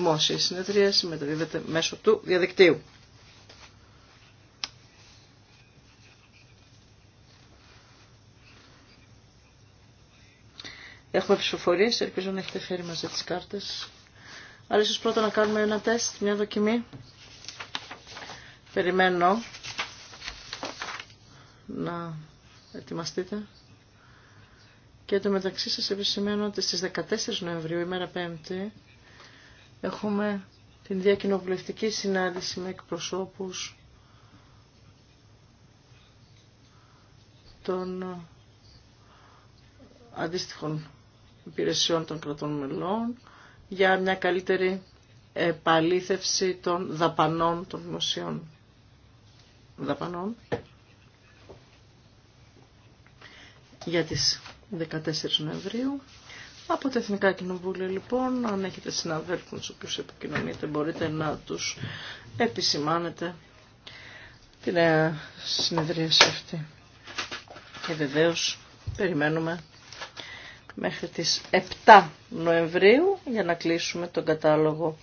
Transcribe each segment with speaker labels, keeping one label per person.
Speaker 1: δημόσια συνεδρία μεταδίδεται μέσω του διαδικτύου. Έχουμε ψηφοφορίες, ελπίζω να έχετε φέρει μαζί τις κάρτες. Αλλά ίσως πρώτα να κάνουμε ένα τεστ, μια δοκιμή. Περιμένω να ετοιμαστείτε. Και το μεταξύ σας επισημαίνω ότι στις 14 Νοεμβρίου, ημέρα 5η, Έχουμε την διακοινοβουλευτική συνάντηση με εκπροσώπους των αντίστοιχων υπηρεσιών των κρατών μελών για μια καλύτερη επαλήθευση των δαπανών των δημοσίων δαπανών για τις 14 Νοεμβρίου από τα Εθνικά Κοινοβούλια λοιπόν, αν έχετε συναδέλφους στους οποίους επικοινωνείτε, μπορείτε να τους επισημάνετε συνεδρία συνεδρίαση αυτή. Και βεβαίως περιμένουμε μέχρι τις 7 Νοεμβρίου για να κλείσουμε τον κατάλογο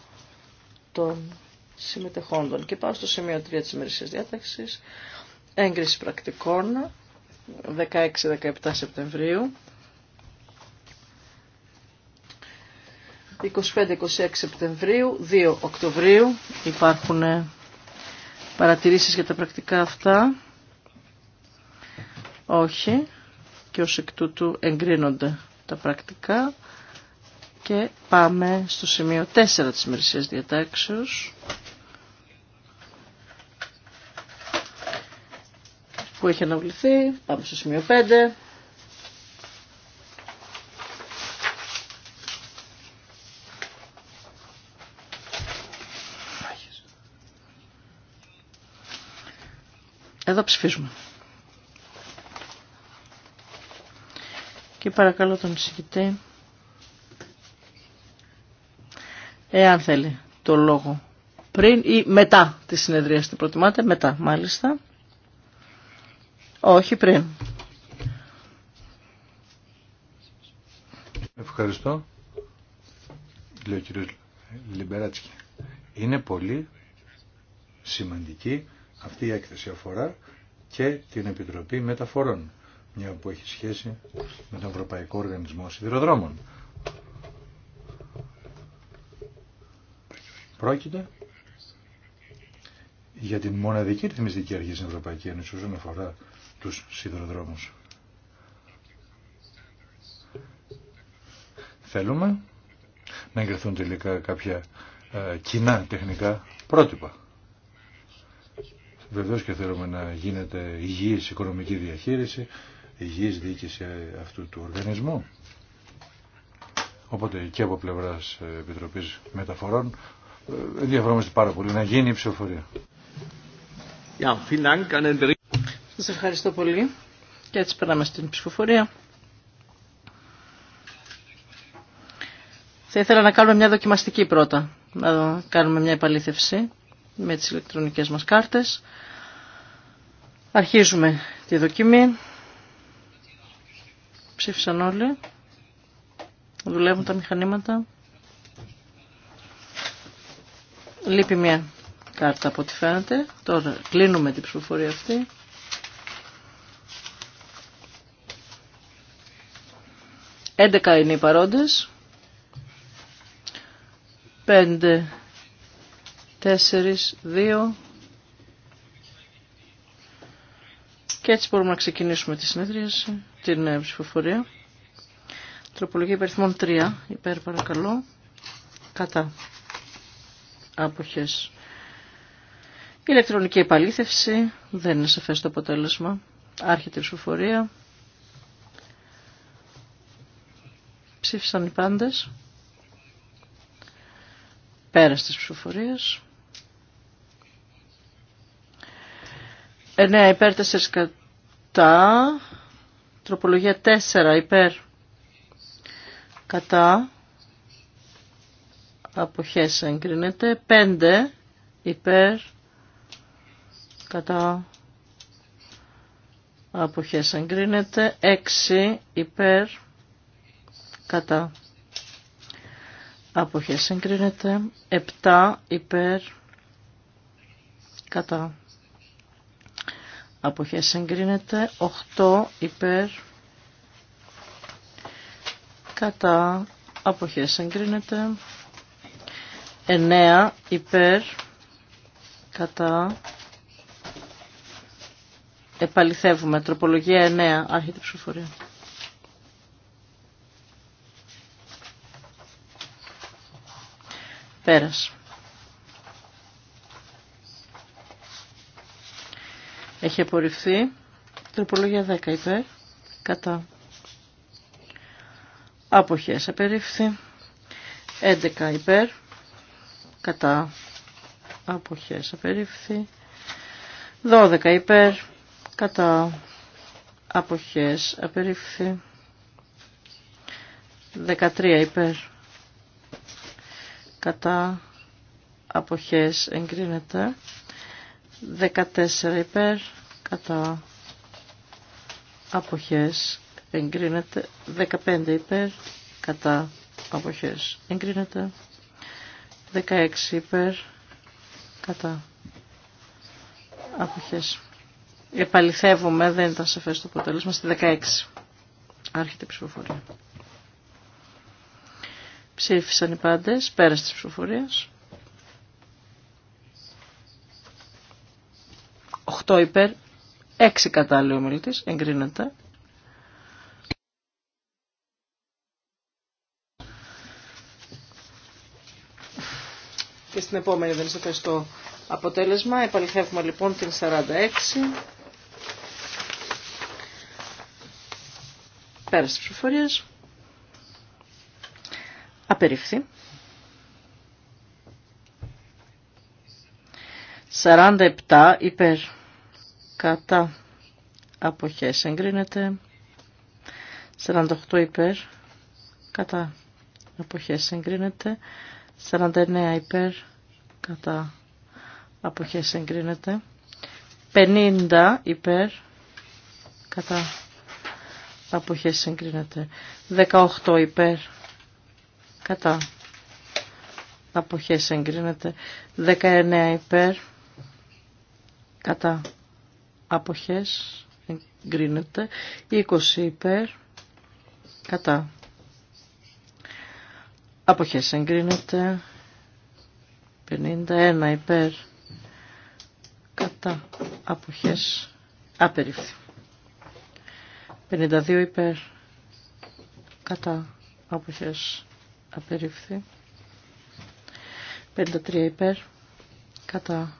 Speaker 1: των συμμετεχόντων. Και πάω στο σημείο 3 της ημερησίας διάταξης, έγκριση πρακτικών 16-17 Σεπτεμβρίου. 25-26 Σεπτεμβρίου, 2 Οκτωβρίου. Υπάρχουν ε, παρατηρήσεις για τα πρακτικά αυτά. Όχι. Και ως εκ τούτου εγκρίνονται τα πρακτικά. Και πάμε στο σημείο 4 της μερισίας διατάξεως. Που έχει αναβληθεί. Πάμε στο σημείο 5. Εδώ ψηφίζουμε. Και παρακαλώ τον εισηγητή εάν θέλει το λόγο πριν ή μετά τη συνεδρία την προτιμάτε, μετά μάλιστα. Όχι πριν.
Speaker 2: Ευχαριστώ. Λέω ο Είναι πολύ σημαντική αυτή η έκθεση αφορά και την Επιτροπή Μεταφορών, μια που έχει σχέση με τον Ευρωπαϊκό Οργανισμό Σιδηροδρόμων. Πρόκειται για την μοναδική ρυθμιστική αρχή στην Ευρωπαϊκή Ένωση όσον αφορά τους σιδηροδρόμους. Θέλουμε να εγκριθούν τελικά κάποια ε, κοινά τεχνικά πρότυπα. Βεβαίως και θέλουμε να γίνεται υγιής οικονομική διαχείριση, υγιής διοίκηση αυτού του οργανισμού. Οπότε και από πλευράς Επιτροπής Μεταφορών ε, ενδιαφερόμαστε πάρα πολύ να γίνει η ψηφοφορία.
Speaker 1: Σας ευχαριστώ πολύ και έτσι περνάμε στην ψηφοφορία. Θα ήθελα να κάνουμε μια δοκιμαστική πρώτα, να κάνουμε μια επαλήθευση με τις ηλεκτρονικές μας κάρτες. Αρχίζουμε τη δοκιμή. Ψήφισαν όλοι. Δουλεύουν τα μηχανήματα. Λείπει μια κάρτα από ό,τι φαίνεται. Τώρα κλείνουμε την ψηφοφορία αυτή. 11 είναι οι παρόντες. Πέντε τέσσερις, δύο. Και έτσι μπορούμε να ξεκινήσουμε τη συνέδριαση, την ε, ψηφοφορία. Τροπολογία υπερθμών 3, υπέρ παρακαλώ, κατά άποχες. Ηλεκτρονική επαλήθευση, δεν είναι σαφές το αποτέλεσμα. Άρχεται η ψηφοφορία. Ψήφισαν οι πάντες. πέρασε της ψηφοφορίας. 9 υπέρ 4 κατά. Τροπολογία 4 υπέρ κατά. Αποχές εγκρίνεται. 5 υπέρ κατά. Αποχές εγκρίνεται. 6 υπέρ κατά. Αποχές εγκρίνεται. 7 υπέρ κατά αποχές εγκρίνεται 8 υπέρ κατά αποχές εγκρίνεται 9 υπέρ κατά επαληθεύουμε τροπολογία 9 άρχεται ψηφοφορία πέρας Έχει απορριφθεί. Τροπολογία 10 υπέρ. Κατά. Αποχές απερίφθη. 11 υπέρ. Κατά. Αποχές απερίφθη. 12 υπέρ. Κατά. Αποχές απερίφθη. 13 υπέρ. Κατά. Αποχές εγκρίνεται. 14 υπέρ κατά αποχές εγκρίνεται 15 υπέρ κατά αποχές εγκρίνεται 16 υπέρ κατά αποχές επαληθεύουμε δεν ήταν σαφές το αποτέλεσμα στη 16 άρχεται η ψηφοφορία ψήφισαν οι πάντες πέρασε της ψηφοφορίας Το υπέρ, 6 κατά λέει ο μιλητής, εγκρίνεται. Και στην επόμενη δεν είσαι στο αποτέλεσμα. Επαληθεύουμε λοιπόν την 46. Πέρα τις προφορίες. Απερίφθη. 47 υπέρ κατά αποχές εγκρίνεται 48 υπέρ κατά αποχές εγκρίνεται 49 υπέρ κατά αποχές εγκρίνεται 50 υπέρ κατά αποχές εγκρίνεται 18 υπέρ κατά αποχές εγκρίνεται 19 υπέρ κατά αποχές εγκρίνεται 20 υπέρ κατά αποχές εγκρίνεται 51 υπέρ κατά αποχές απερίφθη 52 υπέρ κατά αποχές απερίφθη 53 υπέρ κατά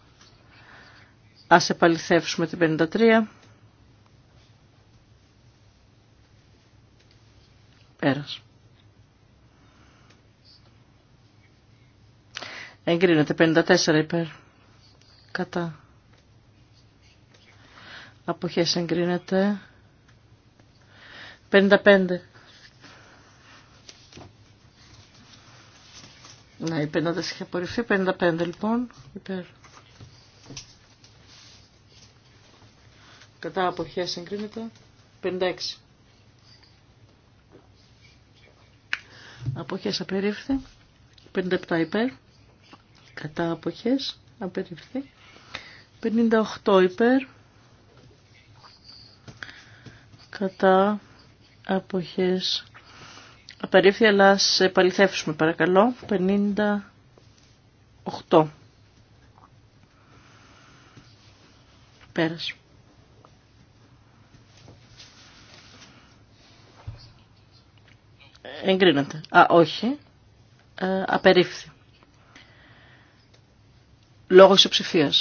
Speaker 1: Ας επαληθεύσουμε την 53. Πέρας. Εγκρίνεται 54 υπέρ. Κατά. Αποχές εγκρίνεται. 55. Να, η 50 είχε απορριφθεί, 55 λοιπόν, υπέρ. Κατά αποχέ συγκρίνεται 56. Αποχές απερίφθη. 57 υπέρ. Κατά αποχές απερίφθη. 58 υπέρ. Κατά αποχές απερίφθη, αλλά σε παληθεύσουμε παρακαλώ. 58. Πέρασε. Εγκρίνεται. Α, όχι. Ε, απερίφθη. Λόγω ψηφία.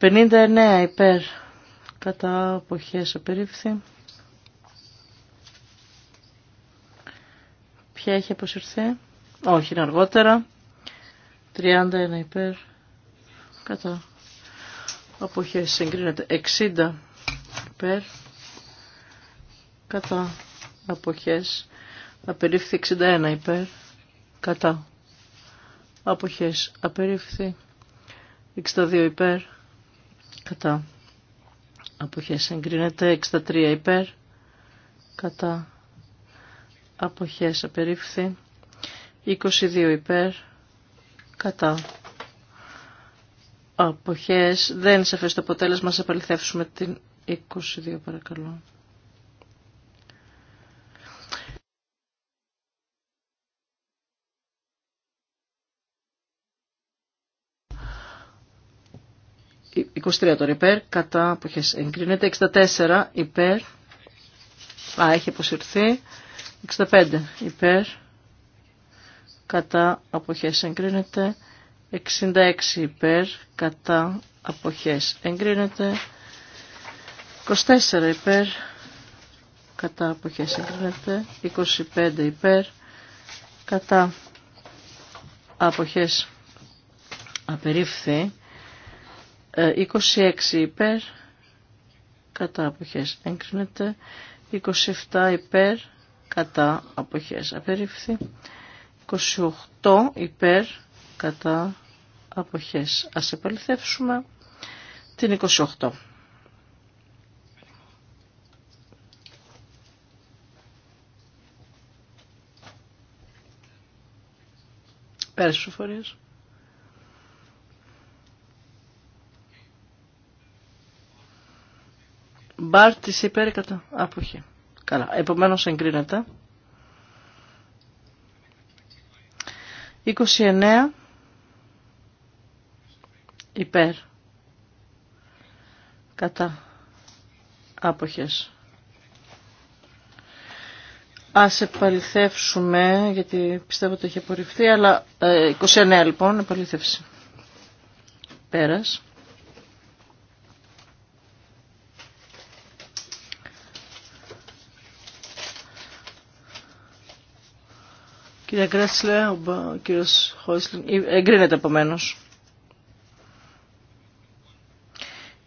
Speaker 1: 59 υπέρ. Κατά αποχές απερίφθη. Ποια έχει αποσυρθεί. Όχι, είναι αργότερα. 31 υπέρ. Κατά αποχές συγκρίνεται. 60 υπέρ. Κατά αποχές απερίφθη 61 υπέρ κατά αποχές απερίφθη 62 υπέρ κατά αποχές εγκρίνεται 63 υπέρ κατά αποχές απερίφθη 22 υπέρ κατά αποχές δεν σε το αποτέλεσμα σε την 22 παρακαλώ 23 τώρα υπέρ, κατά αποχές εγκρίνεται. 64 υπέρ, α, έχει αποσυρθεί. 65 υπέρ, κατά αποχές εγκρίνεται. 66 υπέρ, κατά αποχές εγκρίνεται. 24 υπέρ, κατά αποχές εγκρίνεται. 25 υπέρ, κατά αποχές απερίφθη. 26 υπέρ, κατά αποχές εγκρίνεται, 27 υπέρ, κατά αποχές απερίφθη, 28 υπέρ, κατά αποχές. Ας επαληθεύσουμε την 28. Πέρασε φορέας. Μπάρ τη υπέρ κατά αποχή. Καλά. Επομένω εγκρίνεται. 29 υπέρ κατά άποχες. Ας επαληθεύσουμε, γιατί πιστεύω ότι έχει απορριφθεί, αλλά 29 ε, λοιπόν, επαληθεύση. Πέρας. Κύριε Γκρέσλε, ο κύριος Χόισλινγκ, εγκρίνεται επομένως.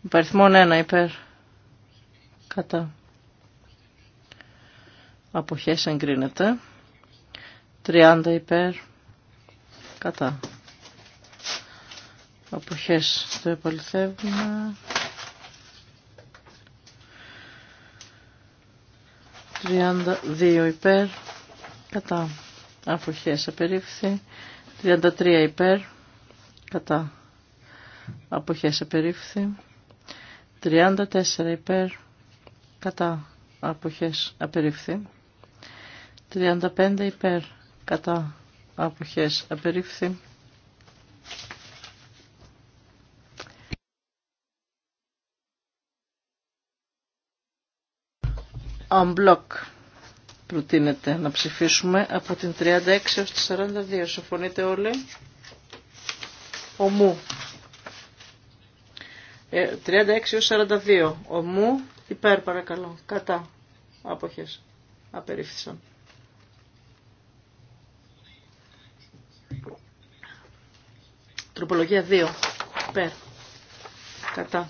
Speaker 1: Υπαριθμόν 1 υπέρ. Κατά. Αποχές εγκρίνεται. 30 υπέρ. Κατά. Αποχές το επαληθεύουμε. 32 υπέρ. Κατά. Αποχές απερίφθη. 33 υπέρ. Κατά. Αποχές απερίφθη. 34 υπέρ. Κατά. Αποχές απερίφθη. 35 υπέρ. Κατά. Αποχές απερίφθη προτείνεται να ψηφίσουμε από την 36 ως τη 42. Συμφωνείτε όλοι. Ομού. 36 ως 42. Ομού. Υπέρ παρακαλώ. Κατά. Αποχές. Απερίφθησαν. Τροπολογία 2. Υπέρ. Κατά.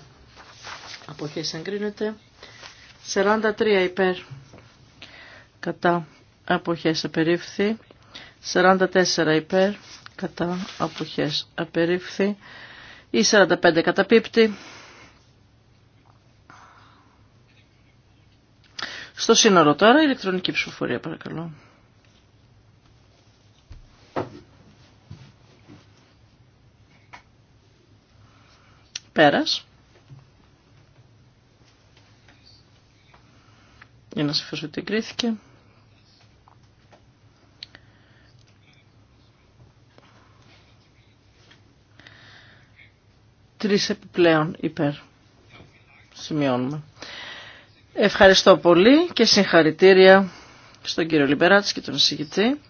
Speaker 1: Αποχές εγκρίνεται. 43 υπέρ κατά αποχές απερίφθη, 44 υπέρ κατά αποχές απερίφθη ή 45 πίπτη. Στο σύνορο τώρα ηλεκτρονική ψηφοφορία παρακαλώ. Πέρας. Για να σε ότι Τρεις επιπλέον υπέρ. Σημειώνουμε. Ευχαριστώ πολύ και συγχαρητήρια στον κύριο Λιμπεράτης και τον εισηγητή.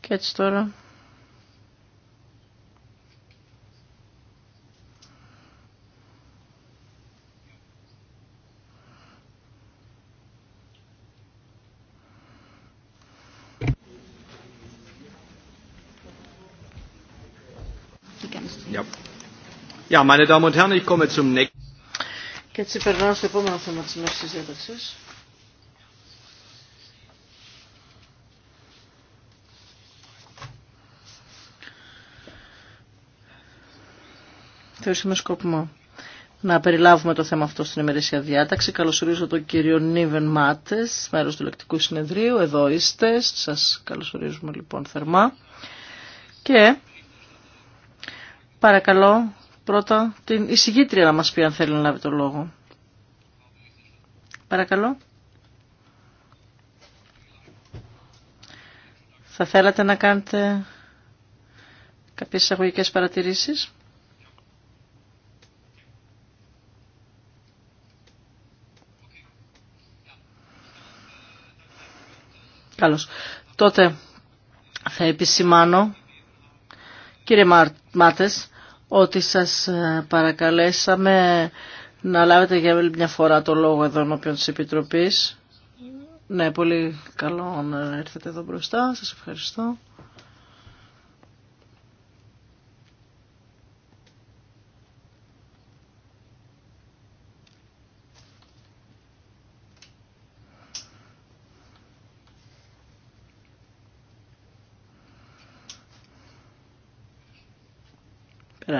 Speaker 1: Και έτσι τώρα
Speaker 3: Ja, meine
Speaker 2: Damen und Herren, ich komme zum nächsten.
Speaker 1: Και έτσι περνάω στο επόμενο θέμα Θεωρήσαμε να περιλάβουμε το θέμα αυτό στην ημερήσια διάταξη. Καλωσορίζω τον κύριο Νίβεν Μάτε μέρο του Λεκτικού Συνεδρίου. Εδώ είστε. Σας καλωσορίζουμε λοιπόν θερμά. Και παρακαλώ πρώτα την εισηγήτρια να μας πει αν θέλει να λάβει το λόγο. Παρακαλώ. Θα θέλατε να κάνετε κάποιες εισαγωγικές παρατηρήσεις. Καλώς. Τότε θα επισημάνω, κύριε Μάρτες, ότι σας ε, παρακαλέσαμε να λάβετε για μια φορά το λόγο εδώ ενώπιον της Επιτροπής. Ναι, πολύ καλό να έρθετε εδώ μπροστά. Σας ευχαριστώ.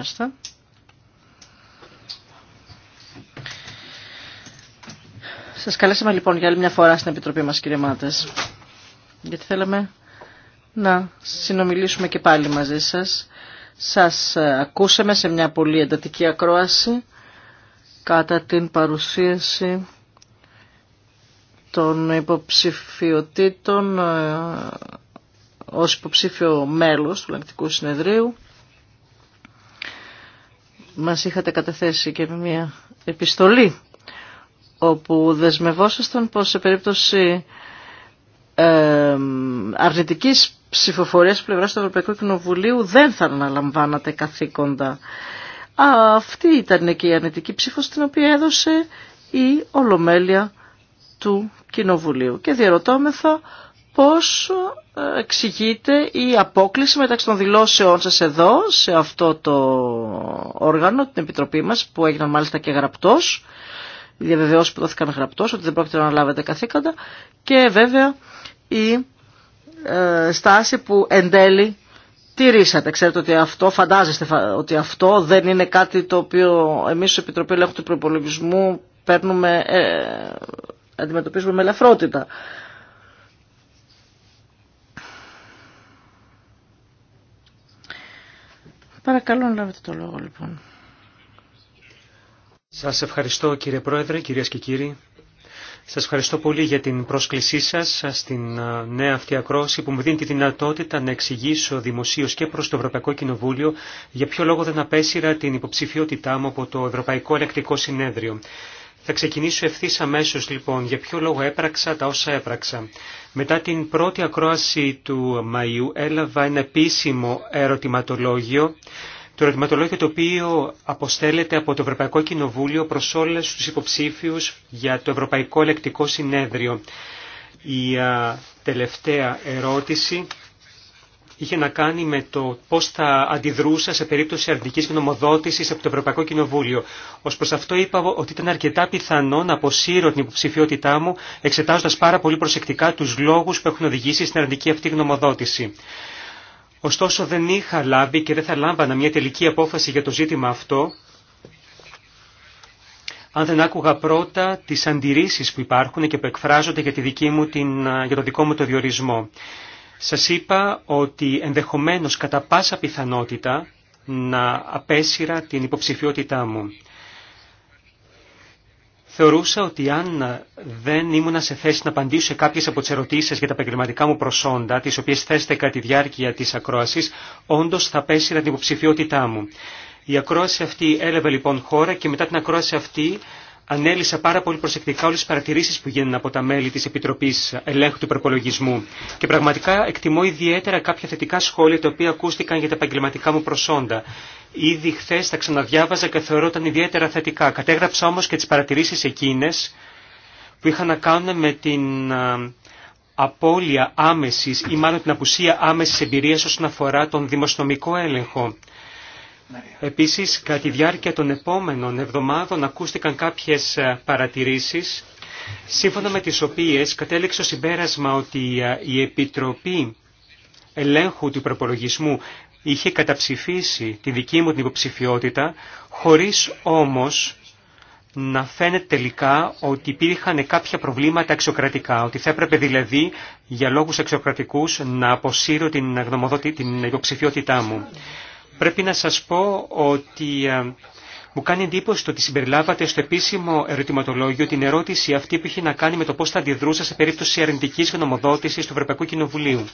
Speaker 1: Σα Σας καλέσαμε λοιπόν για άλλη μια φορά στην Επιτροπή μας κύριε Μάτες. Γιατί θέλαμε να συνομιλήσουμε και πάλι μαζί σας. Σας ε, ακούσαμε σε μια πολύ εντατική ακρόαση κατά την παρουσίαση των υποψηφιωτήτων ε, ως υποψήφιο μέλος του Λαγκτικού Συνεδρίου μας είχατε καταθέσει και μια επιστολή όπου δεσμευόσασταν πως σε περίπτωση ε, αρνητικής ψηφοφορίας πλευράς του Ευρωπαϊκού Κοινοβουλίου δεν θα αναλαμβάνατε καθήκοντα. Αυτή ήταν και η αρνητική ψήφος την οποία έδωσε η Ολομέλεια του Κοινοβουλίου. Και διαρωτώμεθα πώς ε, εξηγείται η απόκληση μεταξύ των δηλώσεών σας εδώ, σε αυτό το όργανο, την Επιτροπή μας, που έγιναν μάλιστα και γραπτός, οι διαβεβαιώσεις που δόθηκαν γραπτός, ότι δεν πρόκειται να αναλάβετε καθήκοντα, και βέβαια η ε, στάση που εν τέλει τηρήσατε. Ξέρετε ότι αυτό, φαντάζεστε ότι αυτό δεν είναι κάτι το οποίο εμείς ως Επιτροπή Ελέγχου του Προπολογισμού παίρνουμε, ε, αντιμετωπίζουμε με ελαφρότητα. Παρακαλώ να λάβετε το λόγο λοιπόν.
Speaker 3: Σας ευχαριστώ κύριε Πρόεδρε, κυρίες και κύριοι. Σας ευχαριστώ πολύ για την πρόσκλησή σας στην ε, νέα αυτή ακρόση που μου δίνει τη δυνατότητα να εξηγήσω δημοσίως και προς το Ευρωπαϊκό Κοινοβούλιο για ποιο λόγο δεν απέσυρα την υποψηφιότητά μου από το Ευρωπαϊκό Ελεκτικό Συνέδριο. Θα ξεκινήσω ευθύ αμέσω λοιπόν για ποιο λόγο έπραξα τα όσα έπραξα. Μετά την πρώτη ακρόαση του Μαΐου έλαβα ένα επίσημο ερωτηματολόγιο το ερωτηματολόγιο το οποίο αποστέλλεται από το Ευρωπαϊκό Κοινοβούλιο προς όλες τους υποψήφιους για το Ευρωπαϊκό Ελεκτικό Συνέδριο. Η τελευταία ερώτηση είχε να κάνει με το πώ θα αντιδρούσα σε περίπτωση αρνητική γνωμοδότηση από το Ευρωπαϊκό Κοινοβούλιο. Ω προ αυτό είπα ότι ήταν αρκετά πιθανό να αποσύρω την υποψηφιότητά μου, εξετάζοντα πάρα πολύ προσεκτικά του λόγου που έχουν οδηγήσει στην αρνητική αυτή γνωμοδότηση. Ωστόσο δεν είχα λάβει και δεν θα λάμβανα μια τελική απόφαση για το ζήτημα αυτό, αν δεν άκουγα πρώτα τις αντιρρήσεις που υπάρχουν και που εκφράζονται για, τη δική μου την, για το δικό μου το διορισμό. Σας είπα ότι ενδεχομένως κατά πάσα πιθανότητα να απέσυρα την υποψηφιότητά μου. Θεωρούσα ότι αν δεν ήμουν σε θέση να απαντήσω σε κάποιες από τις ερωτήσεις για τα επαγγελματικά μου προσόντα, τις οποίες θέστε κατά τη διάρκεια της ακρόασης, όντως θα απέσυρα την υποψηφιότητά μου. Η ακρόαση αυτή έλαβε λοιπόν χώρα και μετά την ακρόαση αυτή ανέλησα πάρα πολύ προσεκτικά όλες τις παρατηρήσεις που γίνανε από τα μέλη της Επιτροπής Ελέγχου του Προπολογισμού και πραγματικά εκτιμώ ιδιαίτερα κάποια θετικά σχόλια τα οποία ακούστηκαν για τα επαγγελματικά μου προσόντα. Ήδη χθε τα ξαναδιάβαζα και θεωρώ ήταν ιδιαίτερα θετικά. Κατέγραψα όμως και τις παρατηρήσεις εκείνες που είχαν να κάνουν με την απώλεια άμεσης ή μάλλον την απουσία άμεσης εμπειρίας όσον αφορά τον δημοσιονομικό έλεγχο. Επίσης, κατά τη διάρκεια των επόμενων εβδομάδων ακούστηκαν κάποιες ε, παρατηρήσεις, σύμφωνα με τις οποίες κατέληξε το συμπέρασμα ότι ε, η Επιτροπή Ελέγχου του Προπολογισμού είχε καταψηφίσει τη δική μου την υποψηφιότητα, χωρίς όμως να φαίνεται τελικά ότι υπήρχαν κάποια προβλήματα αξιοκρατικά, ότι θα έπρεπε δηλαδή για λόγους αξιοκρατικούς να αποσύρω την, την υποψηφιότητά μου. Πρέπει να σας πω ότι ε, μου κάνει εντύπωση το ότι συμπεριλάβατε στο επίσημο ερωτηματολόγιο την ερώτηση αυτή που είχε να κάνει με το πώς θα αντιδρούσα σε περίπτωση αρνητικής γνωμοδότησης του Ευρωπαϊκού Κοινοβουλίου.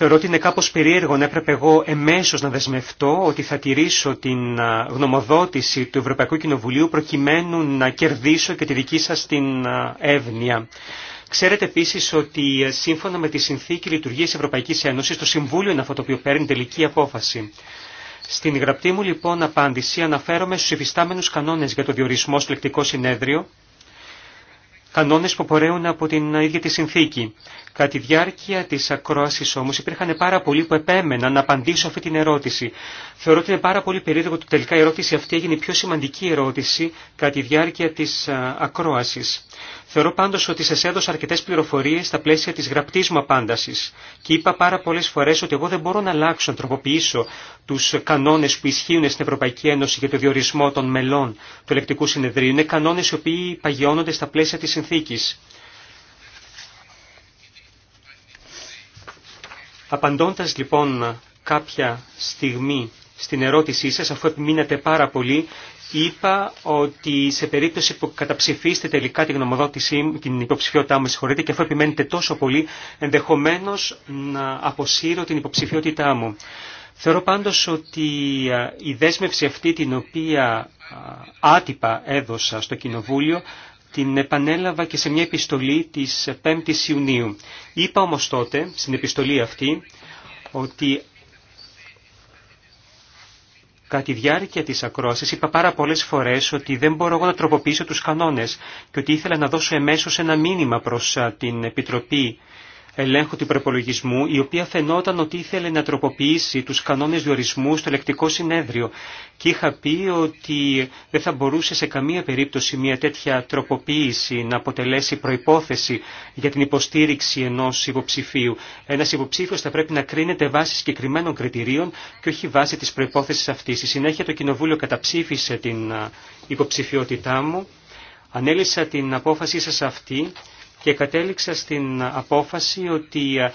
Speaker 3: Θεωρώ ότι είναι κάπως περίεργο να έπρεπε εγώ εμέσως να δεσμευτώ ότι θα τηρήσω την ε, γνωμοδότηση του Ευρωπαϊκού Κοινοβουλίου προκειμένου να κερδίσω και τη δική σας την ε, εύνοια. Ξέρετε επίση ότι ε, σύμφωνα με τη συνθήκη λειτουργία Ευρωπαϊκή Ένωση, το Συμβούλιο είναι αυτό το οποίο παίρνει τελική απόφαση. Στην γραπτή μου λοιπόν απάντηση αναφέρομαι στου υφιστάμενου κανόνε για το διορισμό στο λεκτικό συνέδριο, κανόνε που απορρέουν από την ίδια τη συνθήκη. Κατά τη διάρκεια τη ακρόαση όμω υπήρχαν πάρα πολλοί που επέμεναν να απαντήσω αυτή την ερώτηση. Θεωρώ ότι είναι πάρα πολύ περίεργο ότι τελικά η ερώτηση αυτή έγινε η πιο σημαντική ερώτηση κατά τη διάρκεια τη ε, ακρόαση. Θεωρώ πάντως ότι σας έδωσα αρκετές πληροφορίες στα πλαίσια της γραπτής μου απάντασης και είπα πάρα πολλές φορές ότι εγώ δεν μπορώ να αλλάξω, να τροποποιήσω τους κανόνες που ισχύουν στην Ευρωπαϊκή Ένωση για το διορισμό των μελών του ελεκτικού συνεδρίου. Είναι κανόνες οι οποίοι παγιώνονται στα πλαίσια της συνθήκης. Απαντώντας λοιπόν κάποια στιγμή στην ερώτησή σας, αφού επιμείνατε πάρα πολύ, είπα ότι σε περίπτωση που καταψηφίσετε τελικά την γνωμοδότησή την υποψηφιότητά μου, συγχωρείτε, και αφού επιμένετε τόσο πολύ, ενδεχομένως να αποσύρω την υποψηφιότητά μου. Θεωρώ πάντως ότι η δέσμευση αυτή την οποία άτυπα έδωσα στο Κοινοβούλιο την επανέλαβα και σε μια επιστολή της 5ης Ιουνίου. Είπα όμως τότε, στην επιστολή αυτή, ότι Κατά τη διάρκεια της ακρόασης είπα πάρα πολλές φορές ότι δεν μπορώ εγώ να τροποποιήσω τους κανόνες και ότι ήθελα να δώσω εμέσως ένα μήνυμα προς την Επιτροπή ελέγχου του προπολογισμού, η οποία φαινόταν ότι ήθελε να τροποποιήσει τους κανόνες διορισμού στο ελεκτικό συνέδριο. Και είχα πει ότι δεν θα μπορούσε σε καμία περίπτωση μια τέτοια τροποποίηση να αποτελέσει προϋπόθεση για την υποστήριξη ενός υποψηφίου. Ένας υποψήφιος θα πρέπει να κρίνεται βάσει συγκεκριμένων κριτηρίων και όχι βάσει της προϋπόθεσης αυτής. Στη συνέχεια το Κοινοβούλιο καταψήφισε την ε, υποψηφιότητά μου. Ανέλησα την απόφασή σας αυτή και κατέληξα στην απόφαση ότι ε,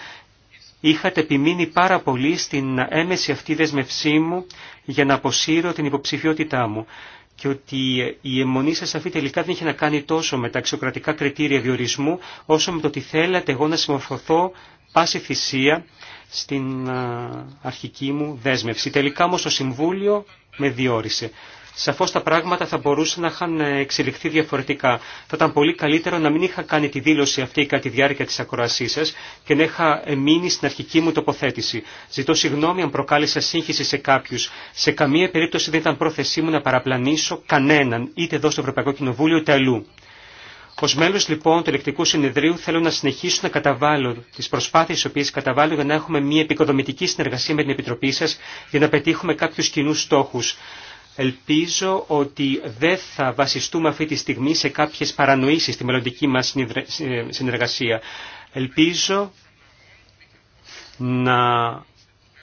Speaker 3: είχατε επιμείνει πάρα πολύ στην έμεση αυτή δεσμευσή μου για να αποσύρω την υποψηφιότητά μου και ότι ε, η αιμονή σας αυτή τελικά δεν είχε να κάνει τόσο με τα αξιοκρατικά κριτήρια διορισμού όσο με το ότι θέλατε εγώ να συμμορφωθώ πάση θυσία στην ε, αρχική μου δέσμευση. Τελικά όμως το Συμβούλιο με διόρισε σαφώς τα πράγματα θα μπορούσαν να είχαν εξελιχθεί διαφορετικά. Θα ήταν πολύ καλύτερο να μην είχα κάνει τη δήλωση αυτή κατά τη διάρκεια της ακροασής σας και να είχα μείνει στην αρχική μου τοποθέτηση. Ζητώ συγγνώμη αν προκάλεσα σύγχυση σε κάποιους. Σε καμία περίπτωση δεν ήταν πρόθεσή μου να παραπλανήσω κανέναν, είτε εδώ στο Ευρωπαϊκό Κοινοβούλιο είτε αλλού. Ω μέλο λοιπόν του Ελεκτικού Συνεδρίου θέλω να συνεχίσω να καταβάλω τι προσπάθειε τι οποίε καταβάλω για να έχουμε μια επικοδομητική συνεργασία με την Επιτροπή σα για να πετύχουμε κάποιου κοινού στόχου. Ελπίζω ότι δεν θα βασιστούμε αυτή τη στιγμή σε κάποιες παρανοήσεις στη μελλοντική μας συνεργασία. Ελπίζω να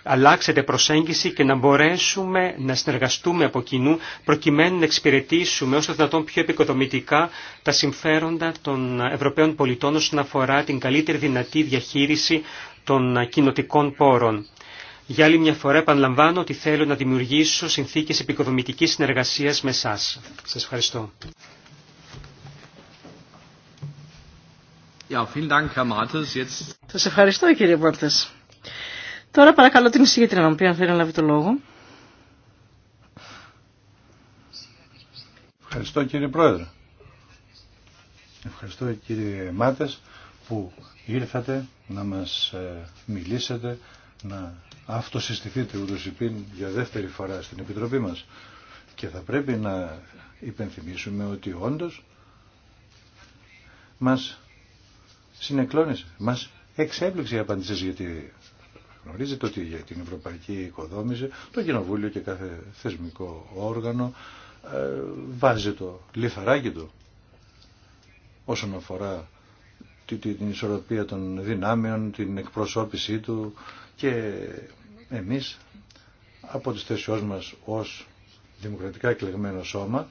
Speaker 3: αλλάξετε προσέγγιση και να μπορέσουμε να συνεργαστούμε από κοινού προκειμένου να εξυπηρετήσουμε όσο δυνατόν πιο επικοδομητικά τα συμφέροντα των Ευρωπαίων πολιτών όσον αφορά την καλύτερη δυνατή διαχείριση των κοινοτικών πόρων. Για άλλη μια φορά επαναλαμβάνω ότι θέλω να δημιουργήσω συνθήκες επικοδομητικής συνεργασίας με εσά. Σας ευχαριστώ.
Speaker 1: Σας ευχαριστώ κύριε Μάρτες. Τώρα παρακαλώ την εισηγήτρια μου, αν θέλει να λάβει το λόγο.
Speaker 2: Ευχαριστώ κύριε Πρόεδρε. Ευχαριστώ κύριε Μάτες που ήρθατε να μας ε, μιλήσετε, να αυτοσυστηθείτε ούτως υπήν για δεύτερη φορά στην Επιτροπή μας. Και θα πρέπει να υπενθυμίσουμε ότι όντως μας συνεκλώνησε, μας εξέπληξε η απάντηση γιατί γνωρίζετε ότι για την Ευρωπαϊκή Οικοδόμηση το Κοινοβούλιο και κάθε θεσμικό όργανο ε, βάζει το λιθαράκι του όσον αφορά την ισορροπία των δυνάμεων, την εκπροσώπησή του και εμείς από τις θέσεις μας ως δημοκρατικά εκλεγμένο σώμα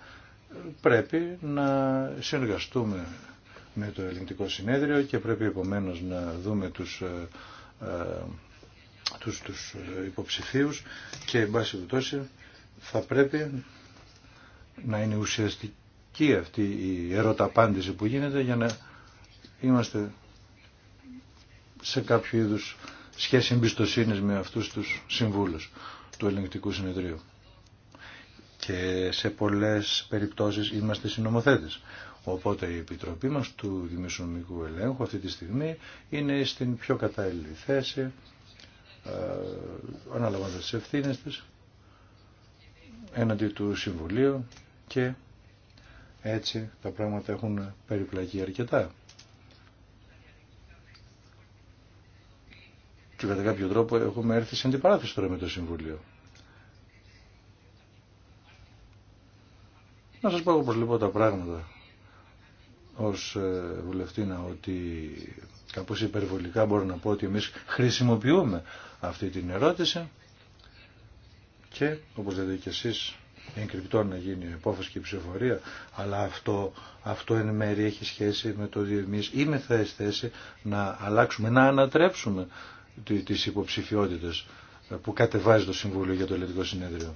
Speaker 2: πρέπει να συνεργαστούμε με το ελληνικό συνέδριο και πρέπει επομένως να δούμε τους, ε, ε, τους, τους υποψηφίους και εν πάση θα πρέπει να είναι ουσιαστική αυτή η ερωταπάντηση που γίνεται για να είμαστε σε κάποιο είδους σχέση εμπιστοσύνη με αυτούς τους συμβούλους του ελεγκτικού συνεδρίου. Και σε πολλές περιπτώσεις είμαστε συνομοθέτες. Οπότε η Επιτροπή μας του Δημοσιονομικού Ελέγχου αυτή τη στιγμή είναι στην πιο κατάλληλη θέση, ε, αναλαμβάνοντας τις ευθύνες της, έναντι του Συμβουλίου και έτσι τα πράγματα έχουν περιπλακεί αρκετά. και κατά κάποιο τρόπο έχουμε έρθει σε αντιπαράθεση τώρα με το Συμβούλιο. Να σας πω όπως λοιπόν τα πράγματα ως ε, βουλευτήνα ότι κάπως υπερβολικά μπορώ να πω ότι εμείς χρησιμοποιούμε αυτή την ερώτηση και όπως λέτε και εσείς κρυπτό να γίνει η απόφαση και η ψηφοφορία, αλλά αυτό, αυτό εν μέρει έχει σχέση με το ότι εμεί είμαι θέση θέση να αλλάξουμε, να ανατρέψουμε της υποψηφιότητας ε, που κατεβάζει το Συμβούλιο για το Ελληνικό Συνέδριο.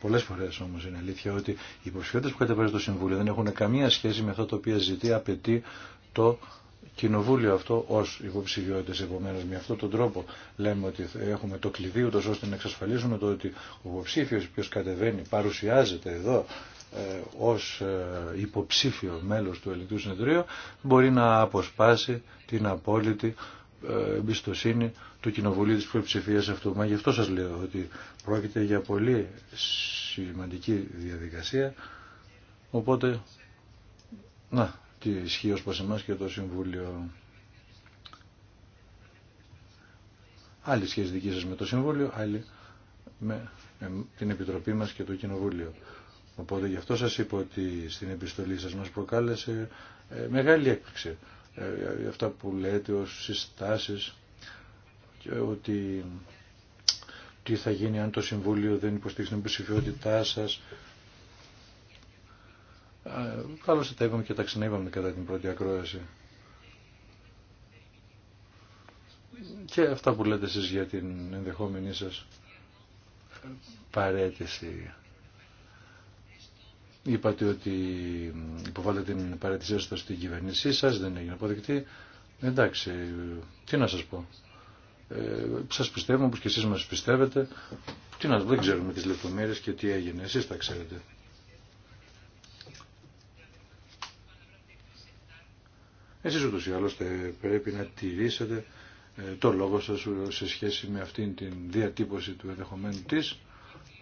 Speaker 2: Πολλές φορές όμως είναι αλήθεια ότι οι υποψηφιότητες που κατεβάζει το Συμβούλιο δεν έχουν καμία σχέση με αυτό το οποίο ζητεί, απαιτεί το κοινοβούλιο αυτό ως υποψηφιότητες. Επομένως με αυτόν τον τρόπο λέμε ότι έχουμε το κλειδί ούτως ώστε να εξασφαλίσουμε το ότι ο υποψήφιος οποίος κατεβαίνει παρουσιάζεται εδώ ε, ως ε, υποψήφιο μέλος του Ελληνικού Συνεδρίου μπορεί να αποσπάσει την απόλυτη ε, εμπιστοσύνη του Κοινοβουλίου της Πλειοψηφίας αυτού. Μα γι' αυτό σας λέω ότι πρόκειται για πολύ σημαντική διαδικασία οπότε να τι ισχύει ως προς εμάς και το Συμβούλιο άλλη σχέση δική σας με το Συμβούλιο άλλη με την Επιτροπή μας και το Κοινοβούλιο. Οπότε γι' αυτό σας είπα ότι στην επιστολή σας μας προκάλεσε ε, μεγάλη έκπληξη ε, ε, αυτά που λέτε ως συστάσεις και ότι τι θα γίνει αν το Συμβούλιο δεν υποστήριξει την υποψηφιότητά σας. Άλλωστε τα είπαμε και τα ξαναείπαμε κατά την πρώτη ακρόαση. Και αυτά που λέτε εσείς για την ενδεχόμενή σας παρέτηση. Είπατε ότι υποβάλλετε την παρατησία σα στην κυβέρνησή σα δεν έγινε αποδεκτή. Εντάξει, τι να σα πω. Ε, σας πιστεύουμε όπω και εσεί μα πιστεύετε. Τι να, δεν ξέρουμε τι λεπτομέρειε και τι έγινε. εσεί τα ξέρετε. Εσείς ούτως ή άλλως πρέπει να τηρήσετε ε, το λόγο σας σε σχέση με αυτήν την διατύπωση του ενδεχομένου της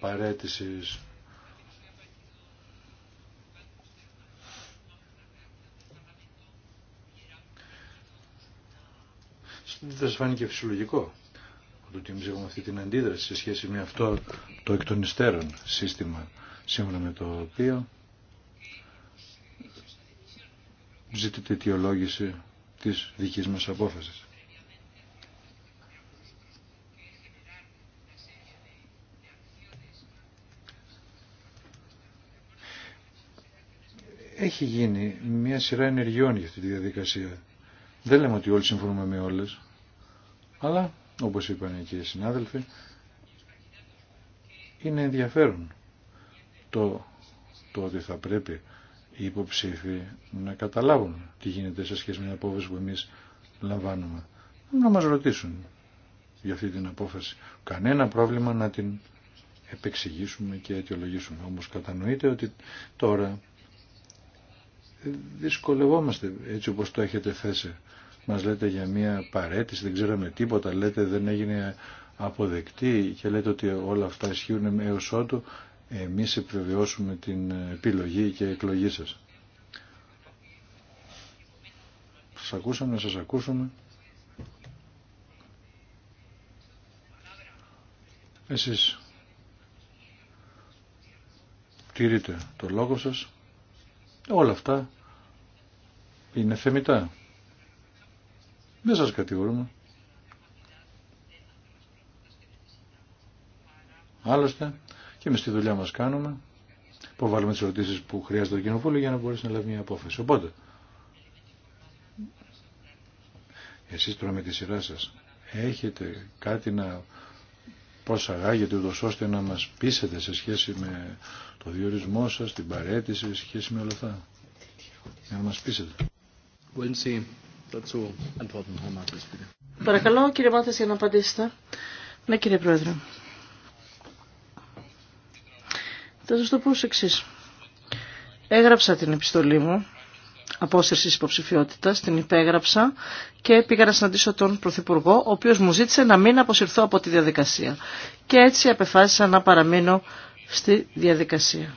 Speaker 2: παρέτησης. δεν σας φάνηκε φυσιολογικό το ότι εμείς έχουμε αυτή την αντίδραση σε σχέση με αυτό το εκ των υστέρων σύστημα σύμφωνα με το οποίο ζητείται αιτιολόγηση της δικής μας απόφασης. Έχει γίνει μια σειρά ενεργειών για αυτή τη διαδικασία. Δεν λέμε ότι όλοι συμφωνούμε με όλες. Αλλά, όπως είπαν και οι συνάδελφοι, είναι ενδιαφέρον το, το ότι θα πρέπει οι υποψήφοι να καταλάβουν τι γίνεται σε σχέση με την απόφαση που εμείς λαμβάνουμε. Να μας ρωτήσουν για αυτή την απόφαση. Κανένα πρόβλημα να την επεξηγήσουμε και αιτιολογήσουμε. Όμως κατανοείτε ότι τώρα δυσκολευόμαστε έτσι όπως το έχετε θέσει μας λέτε για μια παρέτηση, δεν ξέραμε τίποτα, λέτε δεν έγινε αποδεκτή και λέτε ότι όλα αυτά ισχύουν έως ότου εμείς επιβεβαιώσουμε την επιλογή και εκλογή σας. Σας ακούσαμε, σας ακούσαμε. Εσείς τηρείτε το λόγο σας. Όλα αυτά είναι θεμητά. Δεν σας κατηγορούμε. Άλλωστε και με τη δουλειά μας κάνουμε που βάλουμε τις ερωτήσεις που χρειάζεται το κοινοβούλιο για να μπορέσει να λάβει μια απόφαση. Οπότε, εσείς τώρα με τη σειρά σας έχετε κάτι να πώς αγάγετε ούτως ώστε να μας πείσετε σε σχέση με το διορισμό σας, την παρέτηση, σε σχέση με όλα αυτά. Για να μας πείσετε
Speaker 1: dazu antworten, Herr bitte. Παρακαλώ, κύριε Μάθες, για να απαντήσετε. Ναι, κύριε Πρόεδρε. Θα σα το πω ως Έγραψα την επιστολή μου, απόσυρση υποψηφιότητα, την υπέγραψα και πήγα να συναντήσω τον Πρωθυπουργό, ο οποίο μου ζήτησε να μην αποσυρθώ από τη διαδικασία. Και έτσι απεφάσισα να παραμείνω στη διαδικασία.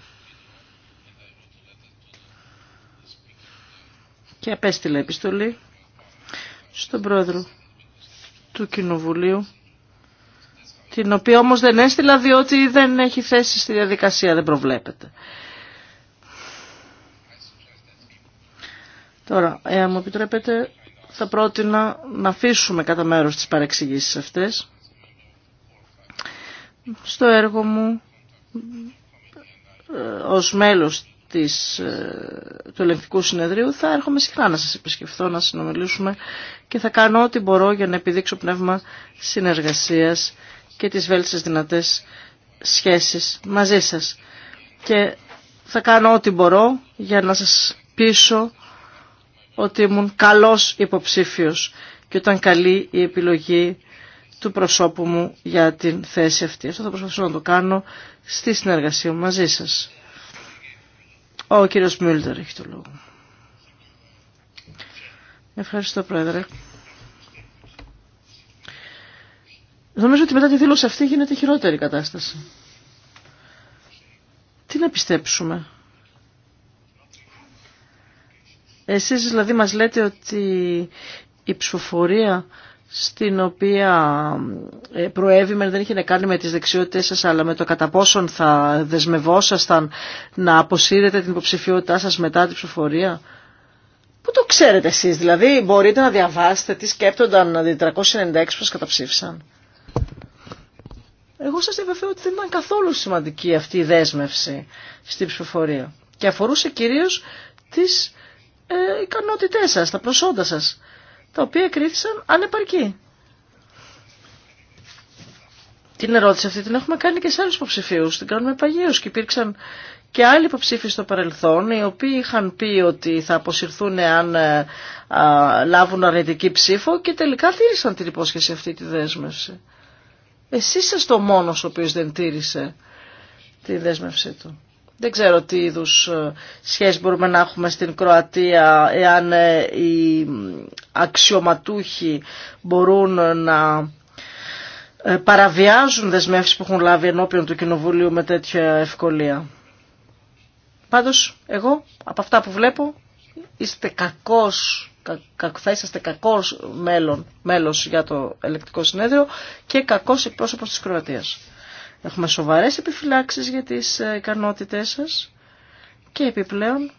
Speaker 1: Και απέστειλα επιστολή στον πρόεδρο του Κοινοβουλίου, την οποία όμως δεν έστειλα διότι δεν έχει θέση στη διαδικασία, δεν προβλέπεται. Τώρα, εάν μου επιτρέπετε, θα πρότεινα να αφήσουμε κατά μέρος τις παρεξηγήσεις αυτές. Στο έργο μου, ε, ως μέλος της, ε, του ελεγκτικού συνεδρίου θα έρχομαι συχνά να σας επισκεφθώ, να συνομιλήσουμε και θα κάνω ό,τι μπορώ για να επιδείξω πνεύμα συνεργασίας και τις βέλτιστες δυνατές σχέσεις μαζί σας. Και θα κάνω ό,τι μπορώ για να σας πείσω ότι ήμουν καλός υποψήφιος και όταν καλή η επιλογή του προσώπου μου για την θέση αυτή. Αυτό θα προσπαθήσω να το κάνω στη συνεργασία μαζί σας. Ο κύριος Μιούλτερ έχει το λόγο. Ευχαριστώ πρόεδρε. Νομίζω ότι μετά τη δήλωση αυτή γίνεται χειρότερη η κατάσταση. Τι να πιστέψουμε. Εσείς δηλαδή μας λέτε ότι η ψηφοφορία στην οποία ε, προέβημε δεν είχε να κάνει με τις δεξιότητες σας αλλά με το κατά πόσον θα δεσμευόσασταν να αποσύρετε την υποψηφιότητά σας μετά την ψηφοφορία. Πού το ξέρετε εσείς, δηλαδή μπορείτε να διαβάσετε τι σκέπτονταν οι 396 που σας καταψήφισαν. Εγώ σας διαβεβαιώ ότι δεν ήταν καθόλου σημαντική αυτή η δέσμευση στην ψηφοφορία και αφορούσε κυρίως τις ε, ικανότητές σας, τα προσόντα σας τα οποία κρίθησαν ανεπαρκή. Την ερώτηση αυτή την έχουμε κάνει και σε άλλους υποψηφίους, την κάνουμε παγίως και υπήρξαν και άλλοι υποψήφοι στο παρελθόν, οι οποίοι είχαν πει ότι θα αποσυρθούν αν ε, λάβουν αρνητική ψήφο και τελικά τήρησαν την υπόσχεση αυτή τη δέσμευση. Εσύ είσαι το μόνος ο οποίος δεν τήρησε τη δέσμευσή του. Δεν ξέρω τι είδου ε, σχέση μπορούμε να έχουμε στην Κροατία εάν ε, οι αξιωματούχοι μπορούν να ε, παραβιάζουν δεσμεύσεις που έχουν λάβει ενώπιον του Κοινοβουλίου με τέτοια ευκολία. Πάντως, εγώ, από αυτά που βλέπω, είστε κακός, θα είσαστε κακός μέλος για το ελεκτικό συνέδριο και κακός εκπρόσωπος της Κροατίας. Έχουμε σοβαρές επιφυλάξεις για τις ε, ικανότητές σας και επιπλέον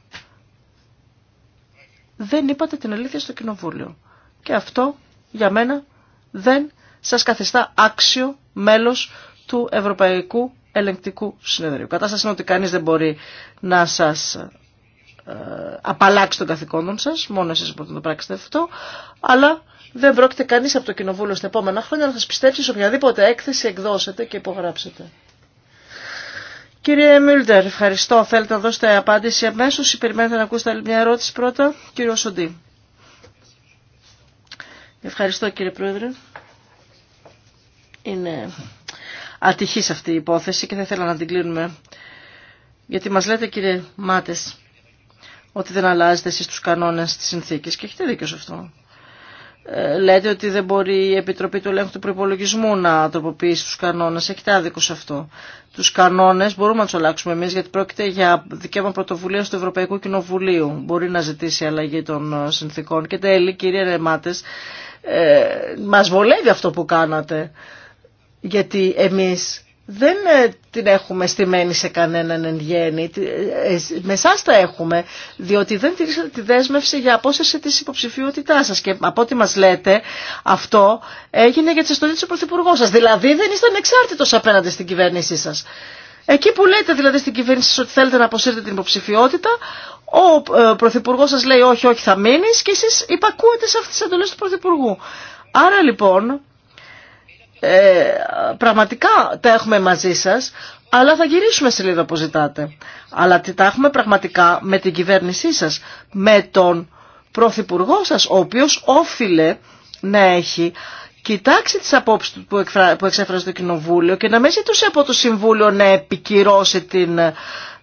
Speaker 1: δεν είπατε την αλήθεια στο κοινοβούλιο. Και αυτό για μένα δεν σας καθιστά άξιο μέλος του Ευρωπαϊκού Ελεγκτικού Συνεδρίου. Κατάσταση είναι ότι κανείς δεν μπορεί να σας απαλλάξει των καθηκόντων σας, μόνο εσείς μπορείτε να το πράξετε αυτό, αλλά δεν πρόκειται κανείς από το κοινοβούλιο στα επόμενα χρόνια να σας πιστέψει σε οποιαδήποτε έκθεση εκδώσετε και υπογράψετε. Κύριε Μίλτερ, ευχαριστώ. Θέλετε να δώσετε απάντηση αμέσω ή περιμένετε να ακούσετε άλλη μια ερώτηση πρώτα. Κύριο Σοντή. Ευχαριστώ κύριε Πρόεδρε. Είναι ατυχής αυτή η υπόθεση και θα ήθελα να την κλείνουμε. Γιατί μας λέτε κύριε Μάτες ότι δεν αλλάζετε εσείς τους κανόνες της συνθήκης και έχετε δίκιο σε αυτό. Ε, λέτε ότι δεν μπορεί η Επιτροπή του Ελέγχου του Προπολογισμού να τροποποιήσει τους κανόνες. Έχετε άδικο σε αυτό. Τους κανόνες μπορούμε να τους αλλάξουμε εμείς γιατί πρόκειται για δικαίωμα πρωτοβουλία του Ευρωπαϊκού Κοινοβουλίου. Μπορεί να ζητήσει αλλαγή των ε, συνθήκων. Και τέλει, κύριε Ρεμάτες, ε, μας βολεύει αυτό που κάνατε. Γιατί εμείς δεν ε, την έχουμε στημένη σε κανέναν εν γέννη. Ε, ε, με εσά τα έχουμε, διότι δεν τηρήσατε τη δέσμευση για απόσταση τη υποψηφιότητά σα. Και από ό,τι μα λέτε, αυτό έγινε για τη συστολή του Πρωθυπουργού σα. Δηλαδή δεν ήσταν εξάρτητο απέναντι στην κυβέρνησή σα. Εκεί που λέτε δηλαδή στην κυβέρνηση ότι θέλετε να αποσύρετε την υποψηφιότητα, ο Πρωθυπουργό σα λέει όχι, όχι, θα μείνει και εσεί υπακούετε σε αυτέ τι εντολέ του Πρωθυπουργού. Άρα λοιπόν, ε, πραγματικά τα έχουμε μαζί σας, αλλά θα γυρίσουμε σελίδα που ζητάτε. Αλλά τι τα έχουμε πραγματικά με την κυβέρνησή σας, με τον πρωθυπουργό σας, ο οποίος όφιλε να έχει κοιτάξει τις απόψεις που, εκφρα... εξέφρασε το Κοινοβούλιο και να μην ζητούσε από το Συμβούλιο να επικυρώσει την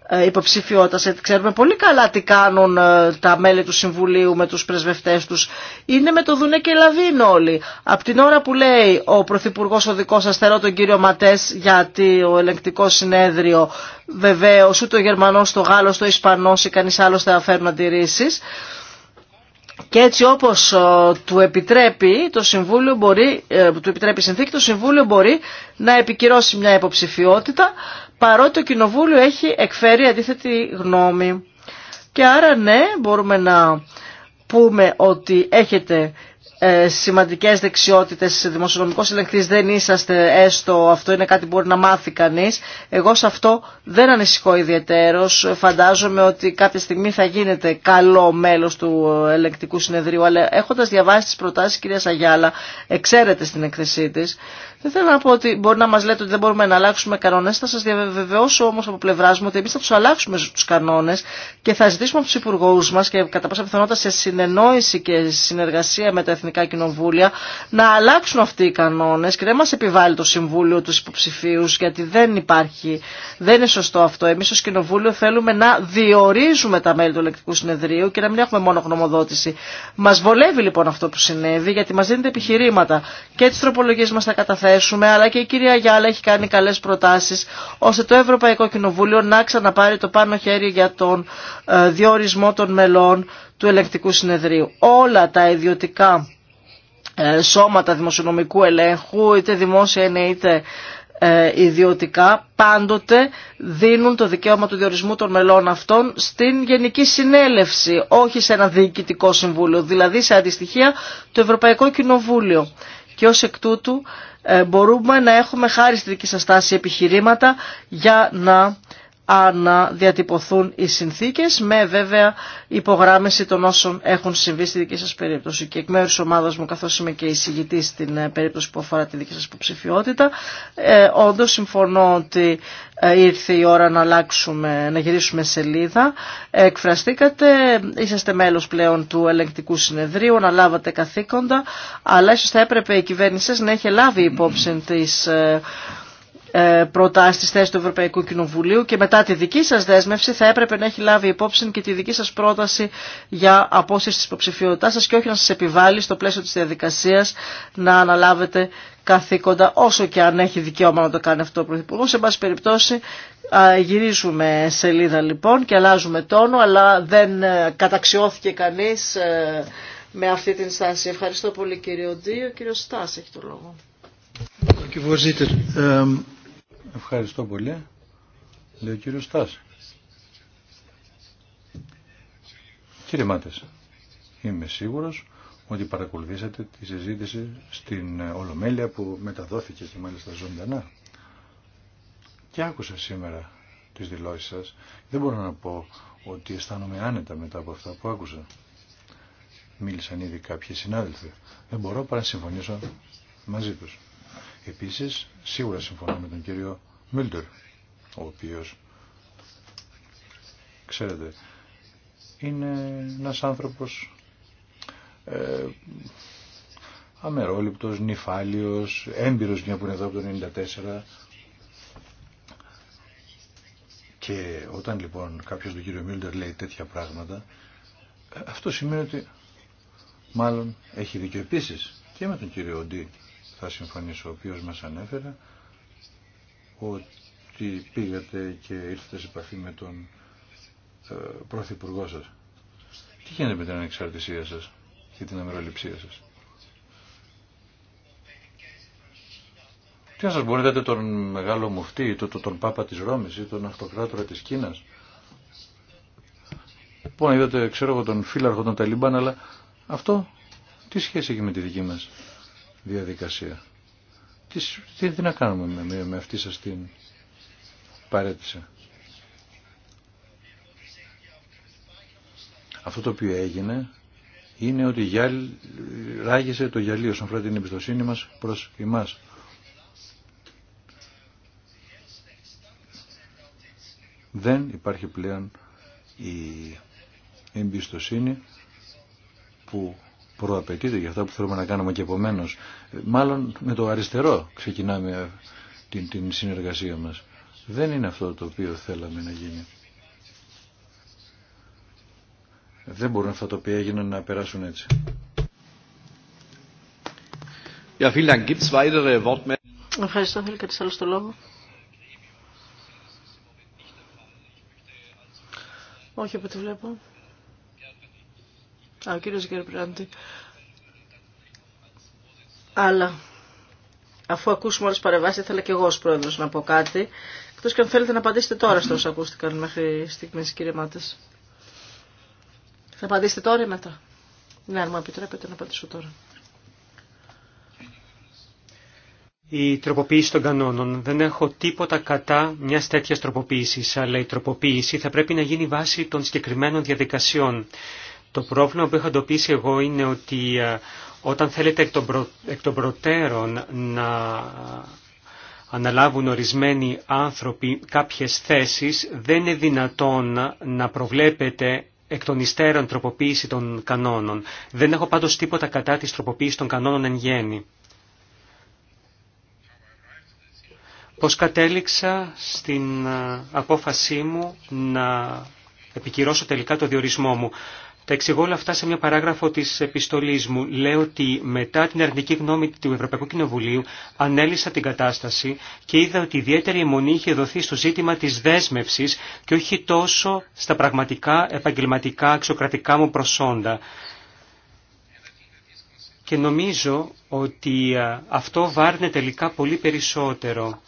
Speaker 1: ε, υποψηφιότητας, ε, ξέρουμε πολύ καλά τι κάνουν ε, τα μέλη του Συμβουλίου με τους πρεσβευτές τους. Είναι με το Δουνέ και Λαβίν όλοι. Από την ώρα που λέει ο Πρωθυπουργός ο δικός σας, θέλω τον κύριο Ματές γιατί ο ελεγκτικό συνέδριο, βεβαίως ούτε ο Γερμανός, το Γάλλος, το Ισπανός ή κανείς άλλος θα φέρουν αντιρρήσεις. Και έτσι όπως του επιτρέπει το Συμβούλιο μπορεί, του επιτρέπει η συνθήκη, το Συμβούλιο μπορεί να επικυρώσει μια υποψηφιότητα παρότι το Κοινοβούλιο έχει εκφέρει αντίθετη γνώμη. Και άρα ναι, μπορούμε να πούμε ότι έχετε ε, σημαντικές δεξιότητες δημοσιονομικό ελεγχτή δεν είσαστε έστω αυτό είναι κάτι που μπορεί να μάθει κανείς εγώ σε αυτό δεν ανησυχώ ιδιαίτερος φαντάζομαι ότι κάποια στιγμή θα γίνεται καλό μέλος του ελεγκτικού συνεδρίου αλλά έχοντας διαβάσει τις προτάσεις κυρία Αγιάλα εξαίρεται στην εκθεσή της δεν θέλω να πω ότι μπορεί να μα λέτε ότι δεν μπορούμε να αλλάξουμε κανόνε. Θα σα διαβεβαιώσω όμω από πλευρά μου ότι εμεί θα του αλλάξουμε του κανόνε και θα ζητήσουμε από του υπουργού μα και κατά πάσα πιθανότητα σε συνεννόηση και συνεργασία με τα εθνικά κοινοβούλια, να αλλάξουν αυτοί οι κανόνες και δεν μας επιβάλλει το Συμβούλιο τους υποψηφίους, γιατί δεν υπάρχει, δεν είναι σωστό αυτό. Εμείς ως Κοινοβούλιο θέλουμε να διορίζουμε τα μέλη του Ελεκτικού Συνεδρίου και να μην έχουμε μόνο γνωμοδότηση. Μας βολεύει λοιπόν αυτό που συνέβη, γιατί μας δίνεται επιχειρήματα. Και τις τροπολογίες μας θα καταθέσουμε, αλλά και η κυρία Γιάλα έχει κάνει καλές προτάσεις, ώστε το Ευρωπαϊκό Κοινοβούλιο να ξαναπάρει το πάνω χέρι για τον ε, διορισμό των μελών του ελεκτικού συνεδρίου. Όλα τα ιδιωτικά ε, σώματα δημοσιονομικού ελέγχου, είτε δημόσια είτε ε, ιδιωτικά, πάντοτε δίνουν το δικαίωμα του διορισμού των μελών αυτών στην Γενική Συνέλευση, όχι σε ένα διοικητικό συμβούλιο, δηλαδή σε αντιστοιχεία το Ευρωπαϊκό Κοινοβούλιο. Και ως εκ τούτου ε, μπορούμε να έχουμε χάρη στη δική σας τάση επιχειρήματα για να διατυπωθούν οι συνθήκες με βέβαια υπογράμμιση των όσων έχουν συμβεί στη δική σας περίπτωση. Και εκ μέρους ομάδας μου, καθώς είμαι και εισηγητή στην ε, περίπτωση που αφορά τη δική σας υποψηφιότητα, ε, όντως συμφωνώ ότι ε, ήρθε η ώρα να αλλάξουμε, να γυρίσουμε σελίδα. Εκφραστήκατε, είσαστε μέλος πλέον του ελεγκτικού συνεδρίου, αναλάβατε καθήκοντα, αλλά ίσως θα έπρεπε η κυβέρνηση να έχει λάβει υπόψη τις ε, ε, προτάσει τη θέση του Ευρωπαϊκού Κοινοβουλίου και μετά τη δική σα δέσμευση θα έπρεπε να έχει λάβει υπόψη και τη δική σα πρόταση για απόσυρση τη υποψηφιότητά σα και όχι να σα επιβάλλει στο πλαίσιο τη διαδικασία να αναλάβετε καθήκοντα όσο και αν έχει δικαίωμα να το κάνει αυτό ο Πρωθυπουργό. Σε πάση περιπτώσει γυρίζουμε σελίδα λοιπόν και αλλάζουμε τόνο αλλά δεν ε, καταξιώθηκε κανεί ε, με αυτή την στάση. Ευχαριστώ πολύ κύριο Ο Κύριο Στάση έχει το λόγο.
Speaker 2: Ευχαριστώ πολύ. Λέει ο κύριος Στάς. Κύριε Μάτες, είμαι σίγουρος ότι παρακολουθήσατε τη συζήτηση στην Ολομέλεια που μεταδόθηκε και μάλιστα ζωντανά. Και άκουσα σήμερα τις δηλώσεις σας. Δεν μπορώ να πω ότι αισθάνομαι άνετα μετά από αυτά που άκουσα. Μίλησαν ήδη κάποιοι συνάδελφοι. Δεν μπορώ παρά να συμφωνήσω μαζί τους. Επίσης, σίγουρα συμφωνώ με τον κύριο Μίλτερ, ο οποίος, ξέρετε, είναι ένας άνθρωπος ε, αμερόληπτος, νυφάλιος, έμπειρος μια που είναι εδώ από το 1994. Και όταν λοιπόν κάποιος του κύριο Μιλντερ λέει τέτοια πράγματα, ε, αυτό σημαίνει ότι μάλλον έχει δίκιο και με τον κύριο Οντι θα συμφωνήσω, ο οποίος μας ανέφερε ότι πήγατε και ήρθατε σε επαφή με τον ε, Πρωθυπουργό σας. Τι γίνεται με την ανεξαρτησία σας και την αμεροληψία σας. Τι να σας μπορείτε τον μεγάλο μουφτή, το, τον Πάπα της Ρώμης ή τον Αυτοκράτορα της Κίνας. Λοιπόν, είδατε, ξέρω εγώ, τον φύλαρχο των Ταλιμπάν, αλλά αυτό τι σχέση έχει με τη δική μας διαδικασία. Τι, τι, να κάνουμε με, με αυτή σας την παρέτηση. Αυτό το οποίο έγινε είναι ότι γυαλ, ράγισε το γυαλί όσον αφορά την εμπιστοσύνη μας προς εμάς. Δεν υπάρχει πλέον η εμπιστοσύνη που προαπαιτείται για αυτά που θέλουμε να κάνουμε και επομένω. Μάλλον με το αριστερό ξεκινάμε την, την συνεργασία μας. Δεν είναι αυτό το οποίο θέλαμε να γίνει. Δεν μπορούν αυτά τα οποία έγιναν να περάσουν έτσι.
Speaker 1: Ευχαριστώ. Θέλει κάτι άλλο στο λόγο. Όχι, από το βλέπω ο κύριος Γερμπράντη. Αλλά αφού ακούσουμε όλες τις παρεμβάσεις, ήθελα και εγώ ως πρόεδρος να πω κάτι. Εκτός και αν θέλετε να απαντήσετε τώρα στους ακούστηκαν μέχρι στιγμής, κύριε Μάτες. Θα απαντήσετε τώρα ή μετά. Ναι, αν μου επιτρέπετε να απαντήσω τώρα.
Speaker 3: Η τροποποίηση των κανόνων. Δεν έχω τίποτα κατά μια τέτοια τροποποίηση, αλλά η τροποποίηση θα πρέπει να γίνει βάση των συγκεκριμένων διαδικασιών. Το πρόβλημα που είχα εντοπίσει εγώ είναι ότι ε, όταν θέλετε εκ των, προτέρων να αναλάβουν ορισμένοι άνθρωποι κάποιες θέσεις, δεν είναι δυνατόν να προβλέπετε εκ των υστέρων τροποποίηση των κανόνων. Δεν έχω πάντως τίποτα κατά της τροποποίησης των κανόνων εν γέννη. Πώς κατέληξα στην ε, απόφασή μου να επικυρώσω τελικά το διορισμό μου. Τα εξηγώ όλα αυτά σε μια παράγραφο τη επιστολή μου. Λέω ότι μετά την αρνητική γνώμη του Ευρωπαϊκού Κοινοβουλίου ανέλησα την κατάσταση και είδα ότι ιδιαίτερη αιμονή είχε δοθεί στο ζήτημα τη δέσμευση και όχι τόσο στα πραγματικά επαγγελματικά αξιοκρατικά μου προσόντα. Και νομίζω ότι αυτό βάρνε τελικά πολύ περισσότερο.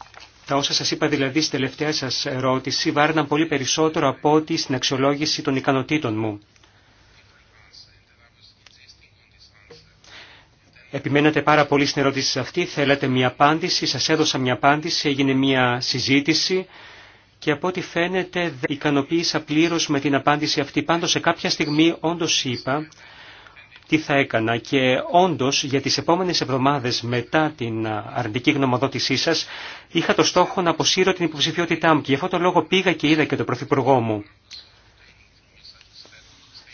Speaker 3: Τα όσα σας είπα δηλαδή στη τελευταία σας ερώτηση βάρναν πολύ περισσότερο από ό,τι στην αξιολόγηση των ικανοτήτων μου. Επιμένατε πάρα πολύ στην ερώτηση αυτή, θέλατε μια απάντηση, σας έδωσα μια απάντηση, έγινε μια συζήτηση και από ό,τι φαίνεται ικανοποίησα πλήρως με την απάντηση αυτή. Πάντως σε κάποια στιγμή όντως είπα τι θα έκανα και όντως για τις επόμενες εβδομάδες μετά την αρνητική γνωμοδότησή σας είχα το στόχο να αποσύρω την υποψηφιότητά μου και γι' αυτό το λόγο πήγα και είδα και τον Πρωθυπουργό μου.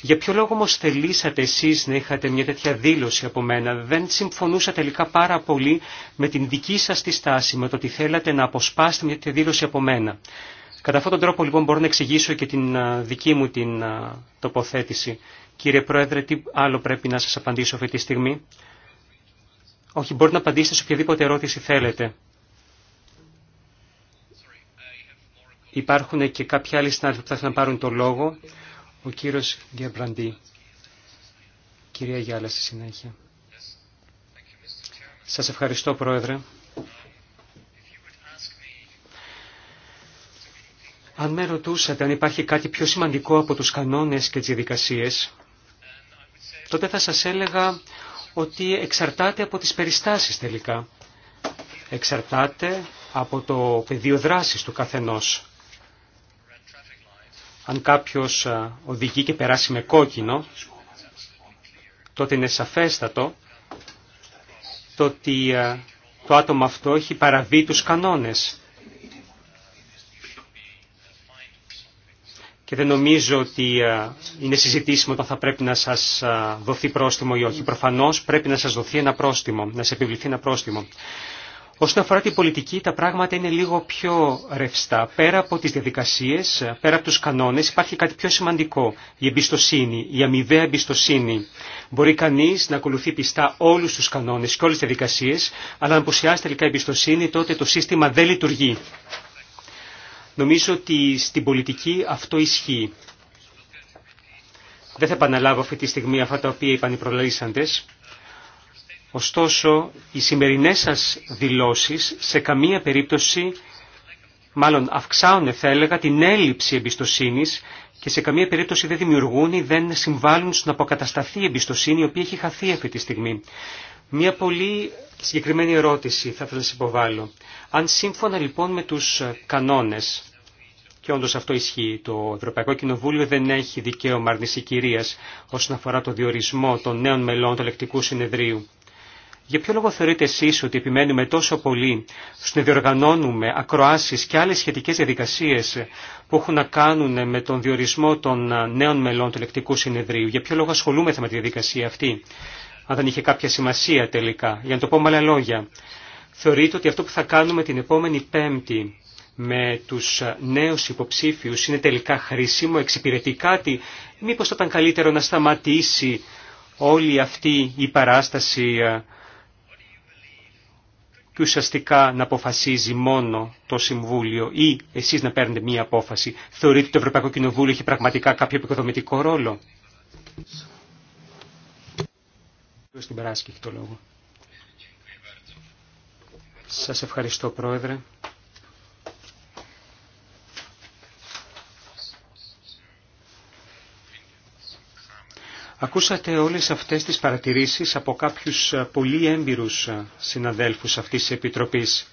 Speaker 3: Για ποιο λόγο όμω θελήσατε εσείς να είχατε μια τέτοια δήλωση από μένα. Δεν συμφωνούσα τελικά πάρα πολύ με την δική σας τη στάση, με το ότι θέλατε να αποσπάσετε μια τέτοια δήλωση από μένα. Κατά αυτόν τον τρόπο λοιπόν μπορώ να εξηγήσω και την δική μου την τοποθέτηση. Κύριε Πρόεδρε, τι άλλο πρέπει να σας απαντήσω αυτή τη στιγμή. Όχι, μπορείτε να απαντήσετε σε οποιαδήποτε ερώτηση θέλετε. Υπάρχουν και κάποιοι άλλοι συνάδελφοι που θα να πάρουν το λόγο. Ο κύριος Γκεμπραντή. Κυρία Γιάλα στη συνέχεια. Σας ευχαριστώ Πρόεδρε. Αν με ρωτούσατε αν υπάρχει κάτι πιο σημαντικό από τους κανόνες και τις διαδικασίες, τότε θα σας έλεγα ότι εξαρτάται από τις περιστάσεις τελικά. Εξαρτάται από το πεδίο δράσης του καθενός. Αν κάποιος οδηγεί και περάσει με κόκκινο, τότε είναι σαφέστατο το ότι το άτομο αυτό έχει παραβεί τους κανόνες. Και δεν νομίζω ότι είναι συζητήσιμο το θα πρέπει να σας δοθεί πρόστιμο ή όχι. Προφανώς πρέπει να σας δοθεί ένα πρόστιμο, να σε επιβληθεί ένα πρόστιμο. Όσον αφορά την πολιτική, τα πράγματα είναι λίγο πιο ρευστά. Πέρα από τις διαδικασίες, πέρα από τους κανόνες, υπάρχει κάτι πιο σημαντικό. Η εμπιστοσύνη, η αμοιβαία εμπιστοσύνη. Μπορεί κανείς να ακολουθεί πιστά όλους τους κανόνες και όλες τις διαδικασίες, αλλά αν αποσιάσει τελικά η εμπιστοσύνη, τότε το σύστημα δεν λειτουργεί. Νομίζω ότι στην πολιτική αυτό ισχύει. Δεν θα επαναλάβω αυτή τη στιγμή αυτά τα οποία είπαν οι προλαλήσαντες. Ωστόσο, οι σημερινές σας δηλώσεις σε καμία περίπτωση μάλλον αυξάνουν, θα έλεγα, την έλλειψη εμπιστοσύνης και σε καμία περίπτωση δεν δημιουργούν ή δεν συμβάλλουν στην αποκατασταθη αποκατασταθεί η εμπιστοσύνη η οποία έχει χαθεί αυτή τη στιγμή. Μία πολύ συγκεκριμένη ερώτηση θα ήθελα να σας υποβάλω. Αν σύμφωνα λοιπόν με τους κανόνες, και όντως αυτό ισχύει, το Ευρωπαϊκό Κοινοβούλιο δεν έχει δικαίωμα αρνησικηρίας όσον αφορά το διορισμό των νέων μελών του ελεκτικού συνεδρίου. Για ποιο λόγο θεωρείτε εσείς ότι επιμένουμε τόσο πολύ στο να διοργανώνουμε ακροάσεις και άλλες σχετικές διαδικασίες που έχουν να κάνουν με τον διορισμό των νέων μελών του ελεκτικού συνεδρίου. Για ποιο λόγο ασχολούμεθα με τη διαδικασία αυτή, αν δεν είχε κάποια σημασία τελικά. Για να το πω με άλλα λόγια, θεωρείτε ότι αυτό που θα κάνουμε την επόμενη Πέμπτη με τους νέους υποψήφιους είναι τελικά χρήσιμο, εξυπηρετεί κάτι, μήπως θα ήταν καλύτερο να σταματήσει όλη αυτή η παράσταση ε, και ουσιαστικά να αποφασίζει μόνο το Συμβούλιο ή εσείς να παίρνετε μία απόφαση. Θεωρείτε ότι το Ευρωπαϊκό Κοινοβούλιο έχει πραγματικά κάποιο επικοδομητικό ρόλο. Σας ευχαριστώ Πρόεδρε. Ακούσατε όλες αυτές τις παρατηρήσεις από κάποιους ε, πολύ έμπειρους ε, συναδέλφους αυτής της Επιτροπής.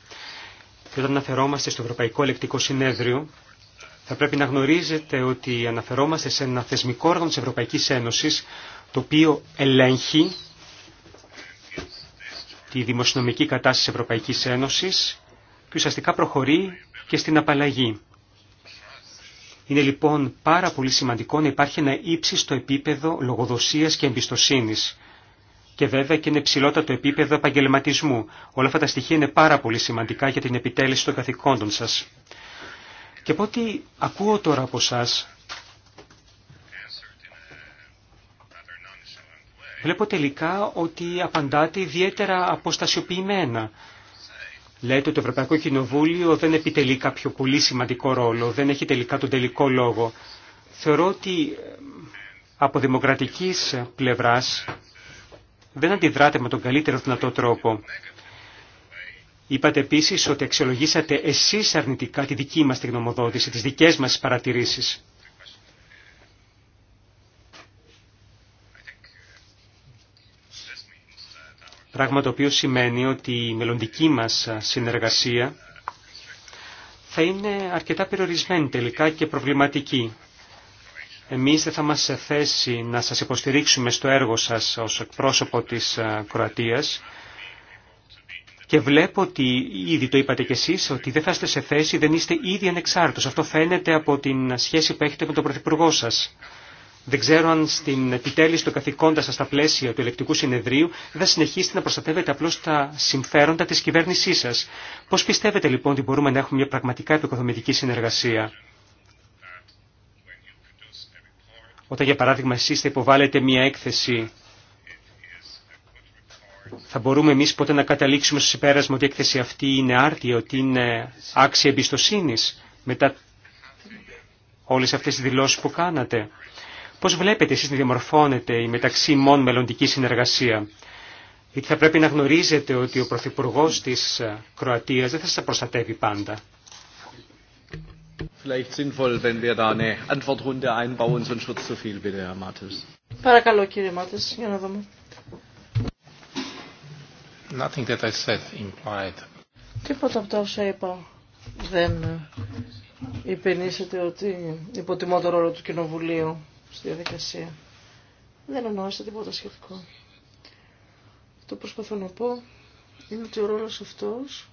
Speaker 3: Και όταν αναφερόμαστε στο Ευρωπαϊκό Ελεκτικό Συνέδριο, θα πρέπει να γνωρίζετε ότι αναφερόμαστε σε ένα θεσμικό όργανο της Ευρωπαϊκής Ένωσης, το οποίο ελέγχει τη δημοσιονομική κατάσταση της Ευρωπαϊκής Ένωσης και ουσιαστικά προχωρεί και στην απαλλαγή. Είναι λοιπόν πάρα πολύ σημαντικό να υπάρχει ένα ύψιστο επίπεδο λογοδοσίας και εμπιστοσύνης. Και βέβαια και είναι ψηλότατο επίπεδο επαγγελματισμού. Όλα αυτά τα στοιχεία είναι πάρα πολύ σημαντικά για την επιτέλεση των καθηκόντων σας. Και από ό,τι ακούω τώρα από εσά, βλέπω τελικά ότι απαντάτε ιδιαίτερα αποστασιοποιημένα. Λέτε ότι το Ευρωπαϊκό Κοινοβούλιο δεν επιτελεί κάποιο πολύ σημαντικό ρόλο, δεν έχει τελικά τον τελικό λόγο. Θεωρώ ότι ε, από δημοκρατικής πλευράς δεν αντιδράτε με τον καλύτερο δυνατό τρόπο. Είπατε επίσης ότι αξιολογήσατε εσείς αρνητικά τη δική μας τη γνωμοδότηση, τις δικές μας παρατηρήσεις. Πράγμα το οποίο σημαίνει ότι η μελλοντική μας συνεργασία θα είναι αρκετά περιορισμένη τελικά και προβληματική. Εμείς δεν θα μας σε θέση να σας υποστηρίξουμε στο έργο σας ως εκπρόσωπο της ε, Κροατίας και βλέπω ότι ήδη το είπατε κι εσείς ότι δεν θα είστε σε θέση, δεν είστε ήδη ανεξάρτητος. Αυτό φαίνεται από την σχέση που έχετε με τον Πρωθυπουργό σας. Δεν ξέρω αν στην επιτέλεση των καθηκόντα σα στα πλαίσια του ελεκτικού συνεδρίου θα συνεχίσετε να προστατεύετε απλώ τα συμφέροντα τη κυβέρνησή σα. Πώ πιστεύετε λοιπόν ότι μπορούμε να έχουμε μια πραγματικά επικοδομητική συνεργασία. Όταν για παράδειγμα εσείς θα υποβάλλετε μια έκθεση, θα μπορούμε εμείς ποτέ να καταλήξουμε στο συμπέρασμα ότι η έκθεση αυτή είναι άρτια, ότι είναι άξια εμπιστοσύνης μετά όλες αυτές τις δηλώσεις που κάνατε. Πώς βλέπετε εσείς να διαμορφώνεται η μεταξύ μόν μελλοντική συνεργασία. Γιατί θα πρέπει να γνωρίζετε ότι ο Πρωθυπουργό της ε, Κροατίας δεν θα σας προστατεύει πάντα.
Speaker 1: Παρακαλώ κύριε Μάτες, για να δούμε. Τίποτα από τα όσα είπα δεν ε, υπενήσεται ότι υποτιμώ το ρόλο του Κοινοβουλίου στη διαδικασία. Δεν εννοώ τίποτα σχετικό. Το προσπαθώ να πω είναι ότι ο ρόλος αυτός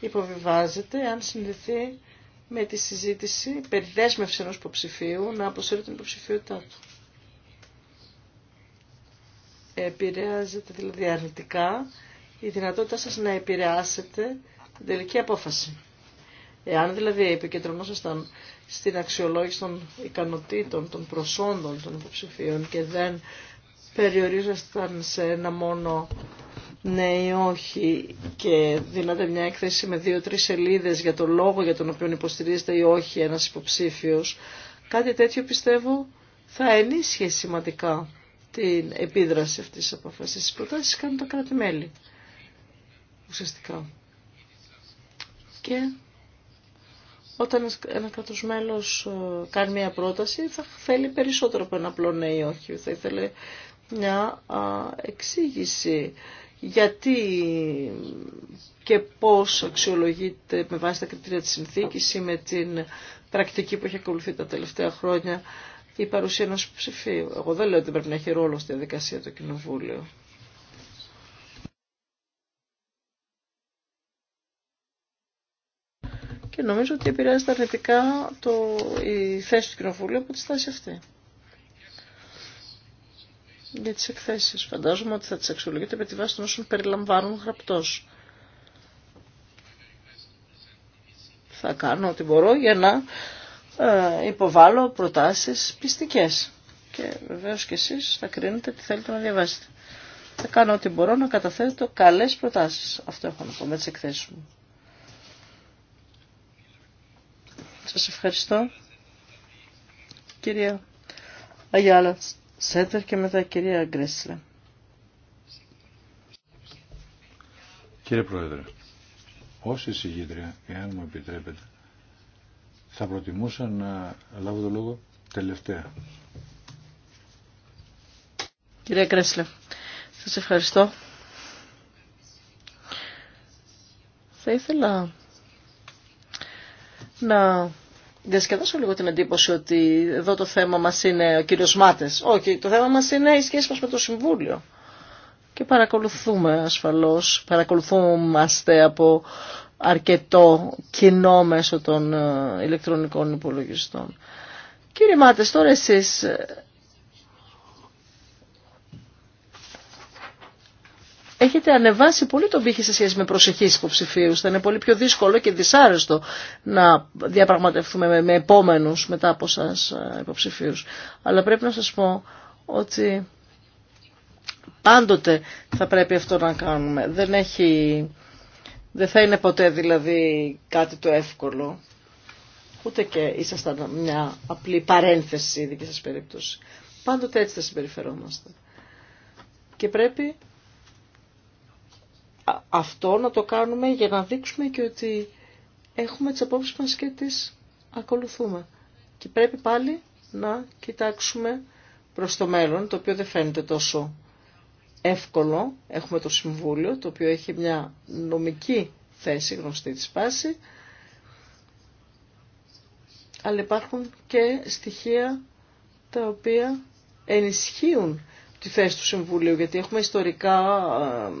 Speaker 1: υποβιβάζεται αν συνδεθεί με τη συζήτηση περί δέσμευση ενός υποψηφίου να αποσύρει την υποψηφιότητά του. Επηρεάζεται δηλαδή αρνητικά η δυνατότητα σας να επηρεάσετε την τελική απόφαση. Εάν δηλαδή επικεντρωνόσασταν στην αξιολόγηση των ικανοτήτων, των προσόντων των υποψηφίων και δεν περιορίζασταν σε ένα μόνο ναι ή όχι και δίνατε μια έκθεση με δύο-τρεις σελίδες για το λόγο για τον οποίο υποστηρίζεται ή όχι ένας υποψήφιος, κάτι τέτοιο πιστεύω θα ενίσχυε σημαντικά την επίδραση αυτής της αποφασής. Τις προτάσεις κάνουν τα κράτη-μέλη ουσιαστικά. Και όταν ένα κράτο ε, κάνει μια πρόταση θα θέλει περισσότερο από ένα απλό ναι ή όχι. Θα ήθελε μια εξήγηση γιατί και πώς αξιολογείται με βάση τα κριτήρια της συνθήκης ή με την πρακτική που έχει ακολουθεί τα τελευταία χρόνια η παρουσία ενός ψηφίου. Εγώ δεν λέω ότι πρέπει να έχει ρόλο στη διαδικασία το Κοινοβούλιο. και νομίζω ότι επηρεάζεται αρνητικά το, η θέση του κοινοβουλίου από τη στάση αυτή. Για τις εκθέσεις φαντάζομαι ότι θα τις αξιολογείτε με τη βάση των όσων περιλαμβάνουν γραπτός. Θα κάνω ό,τι μπορώ για να ε, υποβάλω προτάσεις πιστικές. Και βεβαίως και εσείς θα κρίνετε τι θέλετε να διαβάσετε. Θα κάνω ό,τι μπορώ να καταθέτω καλές προτάσεις. Αυτό έχω να πω με τις εκθέσεις μου. Σας ευχαριστώ. Κυρία Αγιάλα Σέντερ και μετά κυρία Γκρέσλε.
Speaker 2: Κύριε Πρόεδρε, όσοι εισηγήτρια, εάν μου επιτρέπετε, θα προτιμούσα να λάβω το λόγο τελευταία.
Speaker 1: Κυρία Γκρέσλε, σας ευχαριστώ. Θα ήθελα να διασκεδάσω λίγο την εντύπωση ότι εδώ το θέμα μας είναι ο κύριος Μάτες. Όχι, το θέμα μας είναι η σχέση μας με το Συμβούλιο. Και παρακολουθούμε ασφαλώς, παρακολουθούμαστε από αρκετό κοινό μέσω των ε, ηλεκτρονικών υπολογιστών. Κύριε Μάτες, τώρα εσείς ε, έχετε ανεβάσει πολύ τον πύχη σε σχέση με προσεχείς υποψηφίους. Θα είναι πολύ πιο δύσκολο και δυσάρεστο να διαπραγματευτούμε με, επόμενου επόμενους μετά από σας υποψηφίους. Αλλά πρέπει να σας πω ότι πάντοτε θα πρέπει αυτό να κάνουμε. Δεν, έχει, δεν θα είναι ποτέ δηλαδή κάτι το εύκολο. Ούτε και ήσασταν μια απλή παρένθεση η δική σας περίπτωση. Πάντοτε έτσι θα συμπεριφερόμαστε. Και πρέπει αυτό να το κάνουμε για να δείξουμε και ότι έχουμε τις απόψεις μας και τις ακολουθούμε. Και πρέπει πάλι να κοιτάξουμε προς το μέλλον, το οποίο δεν φαίνεται τόσο εύκολο. Έχουμε το Συμβούλιο, το οποίο έχει μια νομική θέση γνωστή της πάση, αλλά υπάρχουν και στοιχεία τα οποία ενισχύουν τη θέση του Συμβουλίου, γιατί έχουμε ιστορικά ε,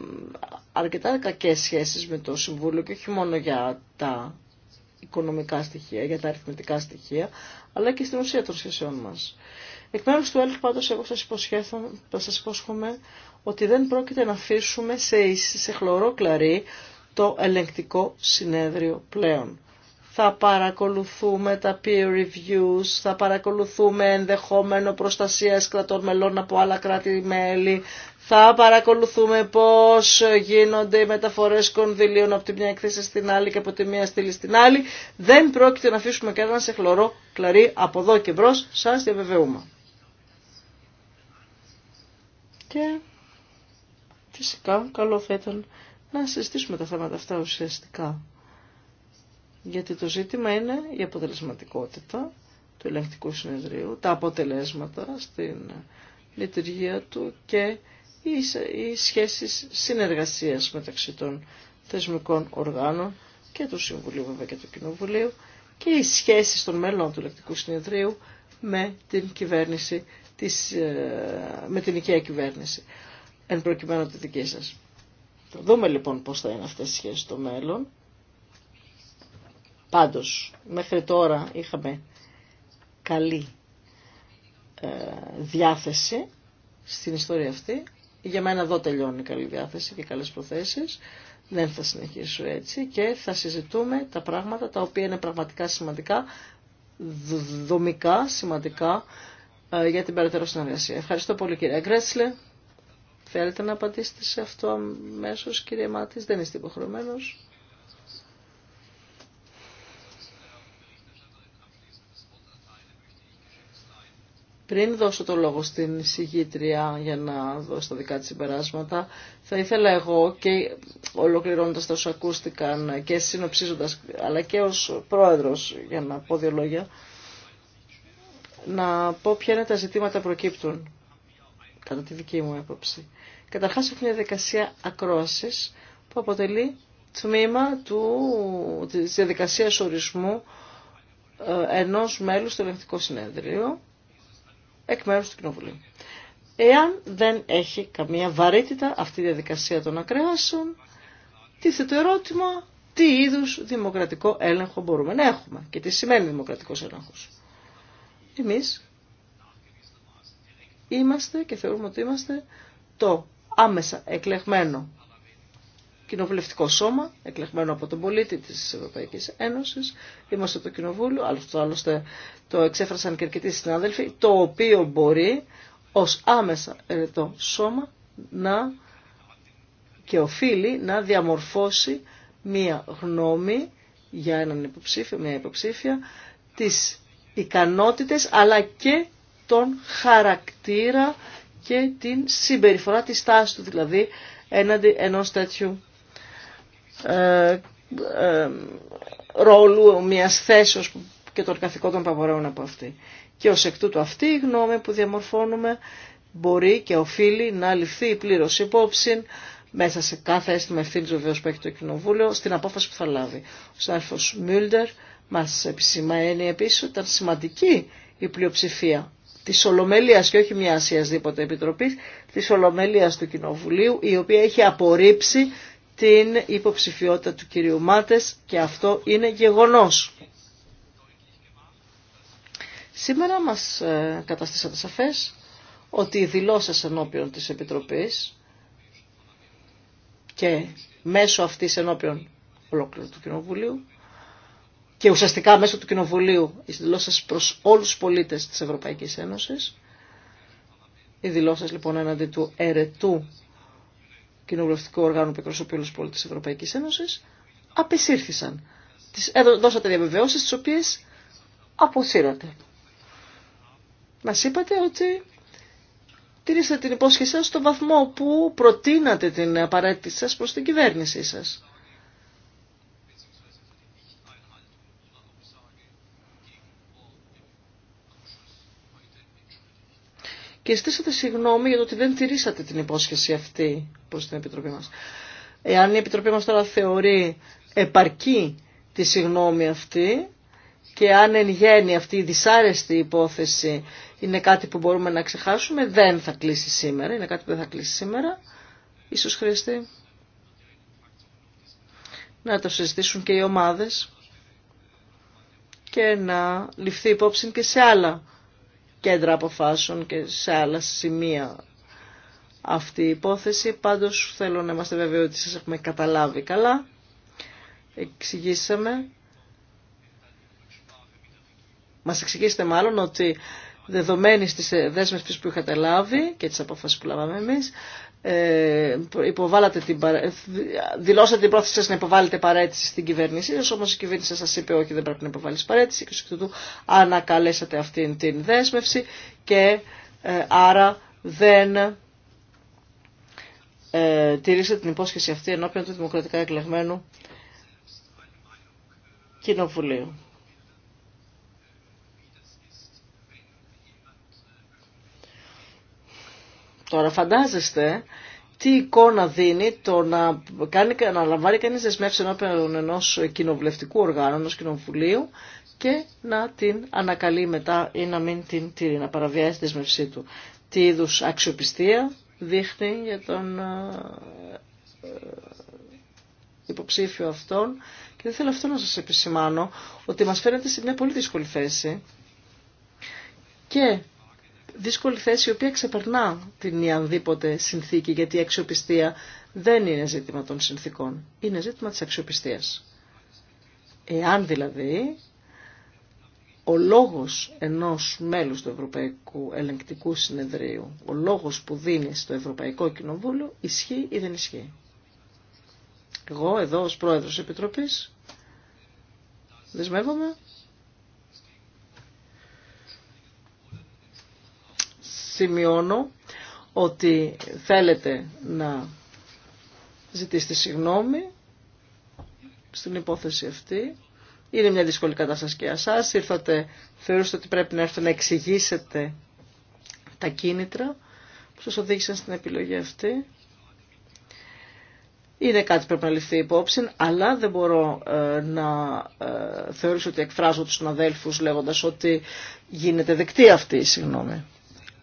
Speaker 1: αρκετά κακές σχέσεις με το Συμβούλιο και όχι μόνο για τα οικονομικά στοιχεία, για τα αριθμητικά στοιχεία, αλλά και στην ουσία των σχέσεων μας. Εκ μέρους του ΕΛΚ πάντως εγώ σας, θα σας υπόσχομαι ότι δεν πρόκειται να αφήσουμε σε, σε χλωρό κλαρί το ελεγκτικό συνέδριο πλέον θα παρακολουθούμε τα peer reviews, θα παρακολουθούμε ενδεχόμενο προστασίας κρατών μελών από άλλα κράτη-μέλη, θα παρακολουθούμε πώς γίνονται οι μεταφορές κονδυλίων από τη μια εκθέση στην άλλη και από τη μια στήλη στην άλλη. Δεν πρόκειται να αφήσουμε κανέναν σε χλωρό κλαρί από εδώ και μπρος, σας διαβεβαιούμε. Και φυσικά καλό θα ήταν να συζητήσουμε τα θέματα αυτά ουσιαστικά γιατί το ζήτημα είναι η αποτελεσματικότητα του ελεγκτικού συνεδρίου, τα αποτελέσματα στην λειτουργία του και οι σχέσεις συνεργασίας μεταξύ των θεσμικών οργάνων και του Συμβουλίου βέβαια και του Κοινοβουλίου και οι σχέσεις των μέλων του ελεγκτικού συνεδρίου με την κυβέρνηση, της, ε, με την κυβέρνηση, εν προκειμένου τη δική σας. Θα δούμε λοιπόν πώς θα είναι αυτές οι σχέσεις στο μέλλον. Πάντως, μέχρι τώρα είχαμε καλή ε, διάθεση στην ιστορία αυτή. Για μένα εδώ τελειώνει η καλή διάθεση και καλές προθέσεις. Δεν θα συνεχίσω έτσι και θα συζητούμε τα πράγματα τα οποία είναι πραγματικά σημαντικά, δομικά σημαντικά ε, για την περαιτέρω συνεργασία. Ευχαριστώ πολύ κυρία Γκρέτσλε. Θέλετε να απαντήσετε σε αυτό αμέσως κύριε Μάτης, δεν είστε υποχρεωμένος. Πριν δώσω το λόγο στην συγγήτρια για να δώσω τα δικά της συμπεράσματα, θα ήθελα εγώ και ολοκληρώνοντας τα όσα ακούστηκαν και συνοψίζοντας, αλλά και ως πρόεδρος για να πω δύο λόγια, να πω ποια είναι τα ζητήματα προκύπτουν, κατά τη δική μου έποψη. Καταρχάς έχουμε μια διαδικασία ακρόασης που αποτελεί τμήμα του, της διαδικασίας ορισμού ε, ενός μέλους του ελεγκτικού συνέδριου εκ μέρους του Κοινοβουλίου. Εάν δεν έχει καμία βαρύτητα αυτή η διαδικασία των ακρεάσεων, τίθεται το ερώτημα τι είδους δημοκρατικό έλεγχο μπορούμε να έχουμε και τι σημαίνει δημοκρατικός έλεγχος. Εμείς είμαστε και θεωρούμε ότι είμαστε το άμεσα εκλεγμένο κοινοβουλευτικό σώμα, εκλεγμένο από τον πολίτη της Ευρωπαϊκής Ένωσης, είμαστε το κοινοβούλιο, άλλωστε, άλλωστε το εξέφρασαν και αρκετοί συνάδελφοι, το οποίο μπορεί ως άμεσα ερετό σώμα να και οφείλει να διαμορφώσει μία γνώμη για έναν υποψήφιο, μία υποψήφια, τις ικανότητες αλλά και τον χαρακτήρα και την συμπεριφορά της τάσης του δηλαδή έναντι ενός τέτοιου ε, ε, ρόλου, μιας θέσεως και των καθηκόντων που απορρέουν από αυτή. Και ως εκ τούτου αυτή η γνώμη που διαμορφώνουμε μπορεί και οφείλει να ληφθεί η πλήρωση υπόψη μέσα σε κάθε αίσθημα ευθύνη βεβαίω που έχει το Κοινοβούλιο στην απόφαση που θα λάβει. Ο Σάρφος Μιούλντερ μας επισημαίνει επίσης ότι ήταν σημαντική η πλειοψηφία τη Ολομέλεια και όχι μια ασιασδήποτε επιτροπή, τη Ολομέλεια του Κοινοβουλίου, η οποία έχει απορρίψει την υποψηφιότητα του κυρίου Μάτες και αυτό είναι γεγονός. Σήμερα μας ε, καταστήσατε σαφές ότι οι δηλώσεις ενώπιον της Επιτροπής και μέσω αυτής ενώπιον ολόκληρου του Κοινοβουλίου και ουσιαστικά μέσω του Κοινοβουλίου οι δηλώσεις προς όλους τους πολίτες της Ευρωπαϊκής Ένωσης οι δηλώσεις λοιπόν έναντι του ερετού κοινοβουλευτικού οργάνου που εκπροσωπεί όλου του πολίτε τη Ευρωπαϊκή Ένωση, απεσύρθησαν. Τις δώσατε διαβεβαιώσει, τι οποίε αποσύρατε. Μα είπατε ότι τηρήσατε την υπόσχεσή σα στον βαθμό που προτείνατε την απαραίτητη σα προ την κυβέρνησή σα. και ζητήσατε συγγνώμη για το ότι δεν τηρήσατε την υπόσχεση αυτή προ την Επιτροπή μας. Εάν η Επιτροπή μας τώρα θεωρεί επαρκή τη συγγνώμη αυτή και αν εν γέννη αυτή η δυσάρεστη υπόθεση είναι κάτι που μπορούμε να ξεχάσουμε, δεν θα κλείσει σήμερα, είναι κάτι που δεν θα κλείσει σήμερα. Ίσως χρειαστεί να το συζητήσουν και οι ομάδες και να ληφθεί υπόψη και σε άλλα κέντρα αποφάσεων και σε άλλα σημεία αυτή η υπόθεση. Πάντως θέλω να είμαστε βέβαιοι ότι σας έχουμε καταλάβει καλά. Εξηγήσαμε. Μας εξηγήσετε μάλλον ότι δεδομένη στις δέσμευσεις που είχατε λάβει και τις αποφάσεις που λάβαμε εμείς, ε, την, δηλώσατε την πρόθεσή σας να υποβάλλετε παρέτηση στην κυβέρνησή σας, όμως η κυβέρνηση σας είπε όχι δεν πρέπει να υποβάλλεις παρέτηση και εξωτού ανακαλέσατε αυτήν την δέσμευση και ε, άρα δεν ε, τηρήσατε την υπόσχεση αυτή ενώπιον του δημοκρατικά εκλεγμένου κοινοβουλίου. Τώρα φαντάζεστε τι εικόνα δίνει το να, κάνει, να λαμβάνει κανείς δεσμεύσει ενώπιον ενός κοινοβουλευτικού οργάνου, ενός κοινοβουλίου και να την ανακαλεί μετά ή να μην την τηρεί, να παραβιάσει τη δεσμευσή του. Τι είδου αξιοπιστία δείχνει για τον ε, ε, υποψήφιο αυτόν και δεν θέλω αυτό να σας επισημάνω ότι μας φαίνεται σε μια πολύ δύσκολη θέση και δύσκολη θέση η οποία ξεπερνά την ιανδήποτε συνθήκη γιατί η αξιοπιστία δεν είναι ζήτημα των συνθήκων, είναι ζήτημα της αξιοπιστίας. Εάν δηλαδή ο λόγος ενός μέλους του Ευρωπαϊκού Ελεγκτικού Συνεδρίου, ο λόγος που δίνει στο Ευρωπαϊκό Κοινοβούλιο ισχύει ή δεν ισχύει. Εγώ εδώ ως πρόεδρος Επιτροπής δεσμεύομαι σημειώνω ότι θέλετε να ζητήσετε συγγνώμη στην υπόθεση αυτή. Είναι μια δύσκολη κατάσταση και εσάς. Ήρθατε, θεωρούσατε ότι πρέπει να έρθετε να εξηγήσετε τα κίνητρα που σας οδήγησαν στην επιλογή αυτή. Είναι κάτι που πρέπει να ληφθεί υπόψη, αλλά δεν μπορώ ε, να ε, θεωρήσω ότι εκφράζω τους συναδέλφους λέγοντας ότι γίνεται δεκτή αυτή η συγγνώμη.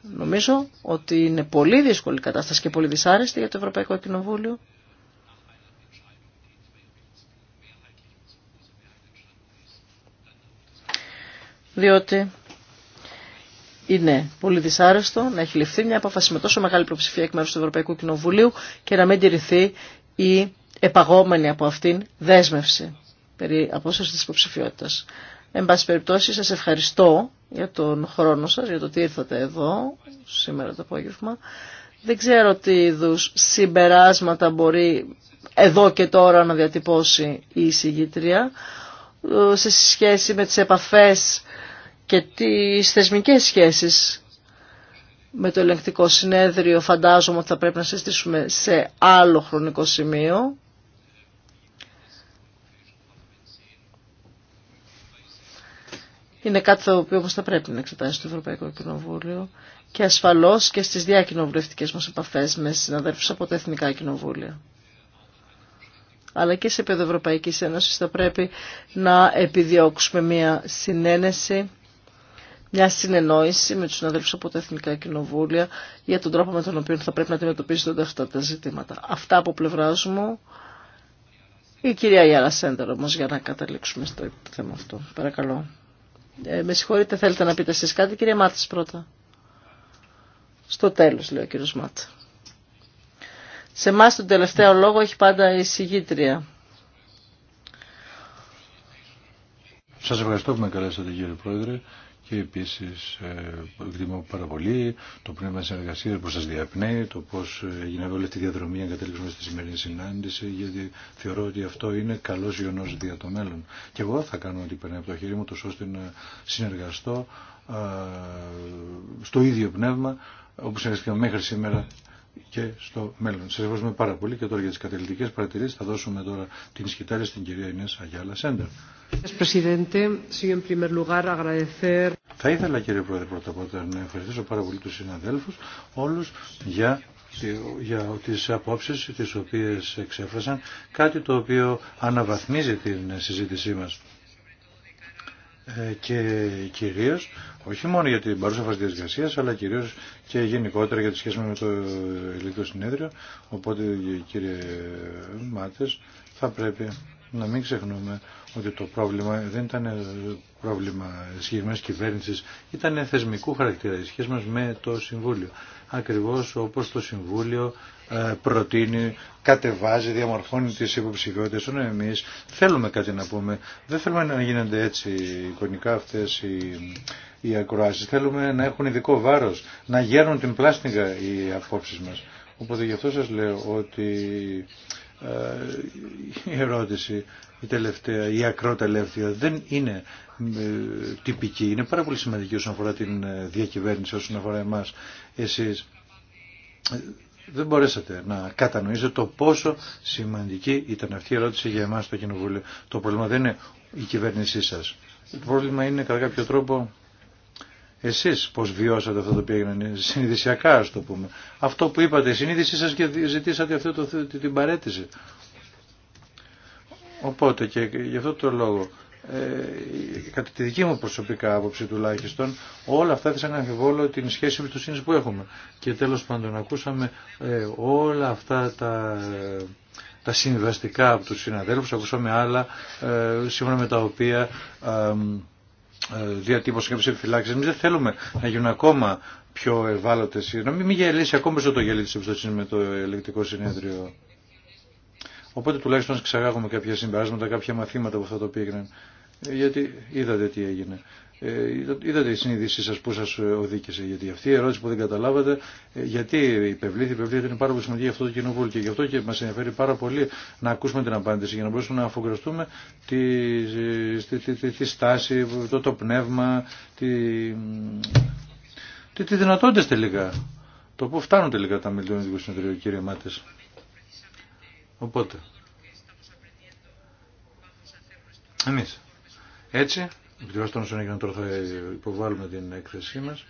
Speaker 1: Νομίζω ότι είναι πολύ δύσκολη η κατάσταση και πολύ δυσάρεστη για το Ευρωπαϊκό Κοινοβούλιο. Διότι είναι πολύ δυσάρεστο να έχει ληφθεί μια απόφαση με τόσο μεγάλη προψηφία εκ μέρους του Ευρωπαϊκού Κοινοβουλίου και να μην τηρηθεί η επαγόμενη από αυτήν δέσμευση περί απόσταση της υποψηφιότητας. Εν πάση περιπτώσει σας ευχαριστώ για τον χρόνο σας, για το τι ήρθατε εδώ σήμερα το απόγευμα. Δεν ξέρω τι είδου συμπεράσματα μπορεί εδώ και τώρα να διατυπώσει η εισηγήτρια ε, σε σχέση με τις επαφές και τις θεσμικές σχέσεις με το ελεγκτικό συνέδριο φαντάζομαι ότι θα πρέπει να συστήσουμε σε άλλο χρονικό σημείο Είναι κάτι το οποίο όμως θα πρέπει να εξετάσει το Ευρωπαϊκό Κοινοβούλιο και ασφαλώς και στις διακοινοβουλευτικές μας επαφές με συναδέλφους από τα Εθνικά Κοινοβούλια. Αλλά και σε επίπεδο Ευρωπαϊκής Ένωσης θα πρέπει να επιδιώξουμε μια συνένεση, μια συνεννόηση με τους συναδέλφους από τα Εθνικά Κοινοβούλια για τον τρόπο με τον οποίο θα πρέπει να αντιμετωπίζονται αυτά τα ζητήματα. Αυτά από πλευρά μου. Η κυρία Γιάννα Σέντερ όμως για να καταλήξουμε στο θέμα αυτό. Παρακαλώ. Ε, με συγχωρείτε, θέλετε να πείτε εσείς κάτι. Κύριε Μάτς, πρώτα. Στο τέλος, λέει ο κύριος Μάτσα. Σε εμά τον τελευταίο λόγο έχει πάντα η συγγήτρια.
Speaker 2: Σας ευχαριστώ που με καλέσατε κύριε Πρόεδρε και επίσης ε, εκτιμώ πάρα πολύ το πνεύμα της συνεργασία που σας διαπνέει, το πώς ε, έγινε όλη αυτή η διαδρομή για κατέληξουμε στη σημερινή συνάντηση, γιατί θεωρώ ότι αυτό είναι καλός γιονός δια το μέλλον. Και εγώ θα κάνω ό,τι περνάει από το χέρι μου, τόσο ώστε να συνεργαστώ στο ίδιο πνεύμα όπως συνεργαστήκαμε μέχρι σήμερα και στο μέλλον. Σας ευχαριστούμε πάρα πολύ και τώρα για τις καταλητικές παρατηρήσεις θα δώσουμε τώρα την σκητάλη στην κυρία Ινές Αγιάλα Σέντερ. Θα ήθελα κύριε Πρόεδρε πρώτα απ' όλα να ευχαριστήσω πάρα πολύ τους συναδέλφους όλους για για τις απόψεις τις οποίες εξέφρασαν, κάτι το οποίο αναβαθμίζει την συζήτησή μας. Ε, και κυρίω, όχι μόνο για την παρούσα φάση διαδικασία, αλλά κυρίω και γενικότερα για τη σχέση με το ελληνικό συνέδριο. Οπότε, κύριε Μάτε, θα πρέπει να μην ξεχνούμε ότι το πρόβλημα δεν ήταν πρόβλημα συγκεκριμένη κυβέρνηση, ήταν θεσμικού χαρακτήρα οι σχέση μα με το Συμβούλιο. Ακριβώ όπω το Συμβούλιο ε, προτείνει, κατεβάζει, διαμορφώνει τις υποψηφιότητες. Ενώ εμείς θέλουμε κάτι να πούμε. Δεν θέλουμε να γίνονται έτσι εικονικά αυτές οι, οι ακροάσεις. Θέλουμε να έχουν ειδικό βάρος, να γέρνουν την πλάστιγκα οι απόψεις μας. Οπότε γι' αυτό σας λέω ότι ε, η ερώτηση, η τελευταία, η ακρότελευταία δεν είναι ε, τυπική. Είναι πάρα πολύ σημαντική όσον αφορά την διακυβέρνηση, όσον αφορά εμάς. Εσείς δεν μπορέσατε να κατανοήσετε το πόσο σημαντική ήταν αυτή η ερώτηση για εμάς στο Κοινοβούλιο. Το πρόβλημα δεν είναι η κυβέρνησή σας. Το πρόβλημα είναι κατά κάποιο τρόπο εσείς πώς βιώσατε αυτό το οποίο έγινε συνειδησιακά ας το πούμε. Αυτό που είπατε, η συνείδησή σας και ζητήσατε αυτή την παρέτηση. Οπότε και γι' αυτό το λόγο ε, κατά τη δική μου προσωπικά άποψη τουλάχιστον, όλα αυτά να αμφιβόλο την σχέση εμπιστοσύνη που έχουμε. Και τέλος πάντων ακούσαμε ε, όλα αυτά τα, τα συμβαστικά από τους συναδέλφους, ακούσαμε άλλα ε, σύμφωνα με τα οποία διατύπωσαν κάποιε επιφυλάξει. Εμεί δεν θέλουμε να γίνουν ακόμα πιο ευάλωτε. Να μην, μην γελίσει ακόμα περισσότερο το γέλιο τη με το ελεκτικό συνέδριο. Οπότε τουλάχιστον ξεράγουμε κάποια συμπεράσματα, κάποια μαθήματα από αυτά το οποία έγιναν. Ε, γιατί είδατε τι έγινε. Ε, είδατε η συνείδησή σα που σα ε, οδήγησε. Γιατί αυτή η ερώτηση που δεν καταλάβατε, γιατί υπευλήθη, υπευλήθη, είναι πάρα πολύ σημαντική για αυτό το κοινοβούλιο. Και γι' αυτό και μα ενδιαφέρει πάρα πολύ να ακούσουμε την απάντηση για να μπορέσουμε να αφογκραστούμε τη, τη, τη, τη, στάση, το, πνεύμα, τη, τι, δυνατότητε τελικά. Το που φτάνουν τελικά τα μελτιών του συνεδρίου, κύριε Μάτες. Οπότε, Εμεί. έτσι, επιτυχώς των όσων έγιναν τώρα θα υποβάλουμε την έκθεσή μας,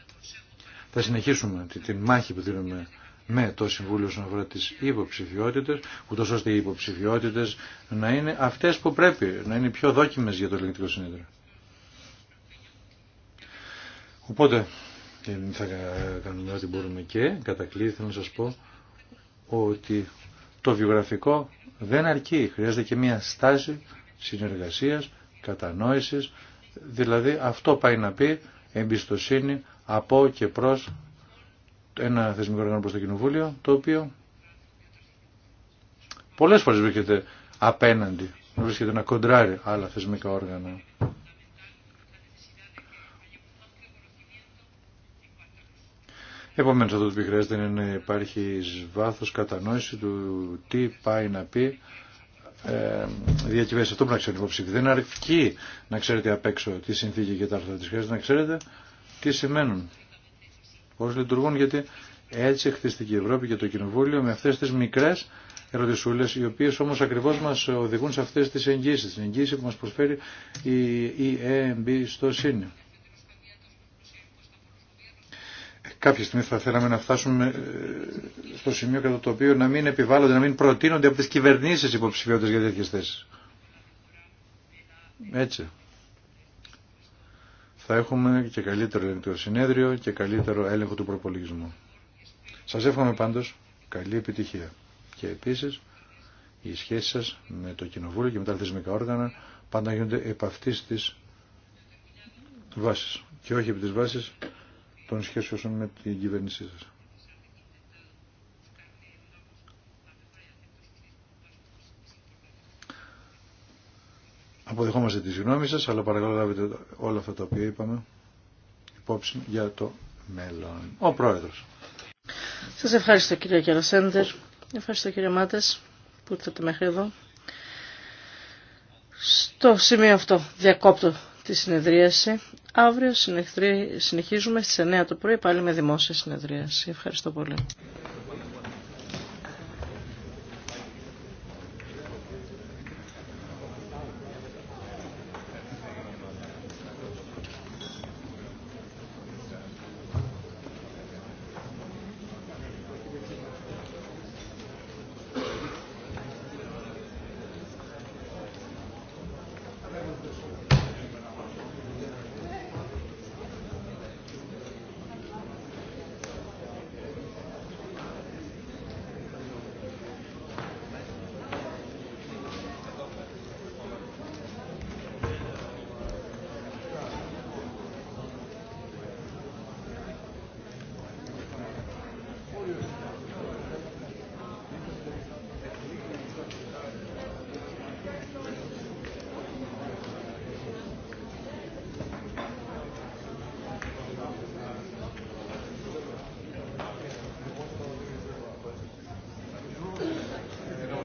Speaker 2: θα συνεχίσουμε τη μάχη που δίνουμε με το Συμβούλιο όσον αφορά τις υποψηφιότητες, ούτως ώστε οι υποψηφιότητε, να είναι αυτές που πρέπει, να είναι πιο δόκιμες για το ελληνικό συνέδριο. Οπότε, θα κάνουμε ό,τι μπορούμε και, κατακλείδη, θέλω να σα πω ότι το βιογραφικό δεν αρκεί. Χρειάζεται και μια στάση συνεργασίας, κατανόησης, δηλαδή αυτό πάει να πει εμπιστοσύνη από και προς ένα θεσμικό όργανο προς το Κοινοβούλιο, το οποίο πολλές φορές βρίσκεται απέναντι, βρίσκεται να κοντράρει άλλα θεσμικά όργανα. Επομένως αυτό που χρειάζεται είναι να υπάρχει βάθος κατανόηση του τι πάει να πει ε, διακυβέρνηση. Αυτό που να ξέρετε υποψήφι. Δεν αρκεί να ξέρετε απ' έξω τι συνθήκη και τα άρθρα της. Χρειάζεται να ξέρετε τι σημαίνουν, πώς λειτουργούν, γιατί έτσι χτίστηκε η Ευρώπη και το Κοινοβούλιο με αυτές τις μικρές ερωτησούλες, οι οποίες όμως ακριβώς μας οδηγούν σε αυτές τις εγγύσεις, την εγγύση που μας προσφέρει η EMB στο ΣΥΝΙ. κάποια στιγμή θα θέλαμε να φτάσουμε ε, στο σημείο κατά το οποίο να μην επιβάλλονται, να μην προτείνονται από τις κυβερνήσεις υποψηφιότητες για τέτοιες θέσει. Έτσι. Θα έχουμε και καλύτερο ελεγκτικό συνέδριο και καλύτερο έλεγχο του προπολογισμού. Σας εύχομαι πάντως καλή επιτυχία. Και επίσης οι σχέσεις σας με το Κοινοβούλιο και με τα θεσμικά όργανα πάντα γίνονται επ' αυτής της βάσης. Και όχι επ' της βάσης των σχέσεων με την κυβέρνησή σας. Αποδεχόμαστε τη συγγνώμη σας, αλλά παρακαλώ λάβετε όλα αυτά τα οποία είπαμε υπόψη για το μέλλον. Ο Πρόεδρος.
Speaker 1: Σας ευχαριστώ κύριε Κερασέντερ. Ευχαριστώ κύριε Μάτες που ήρθατε μέχρι εδώ. Στο σημείο αυτό διακόπτω τη συνεδρίαση. Αύριο συνεχίζουμε στις 9 το πρωί πάλι με δημόσια συνεδρίαση. Ευχαριστώ πολύ.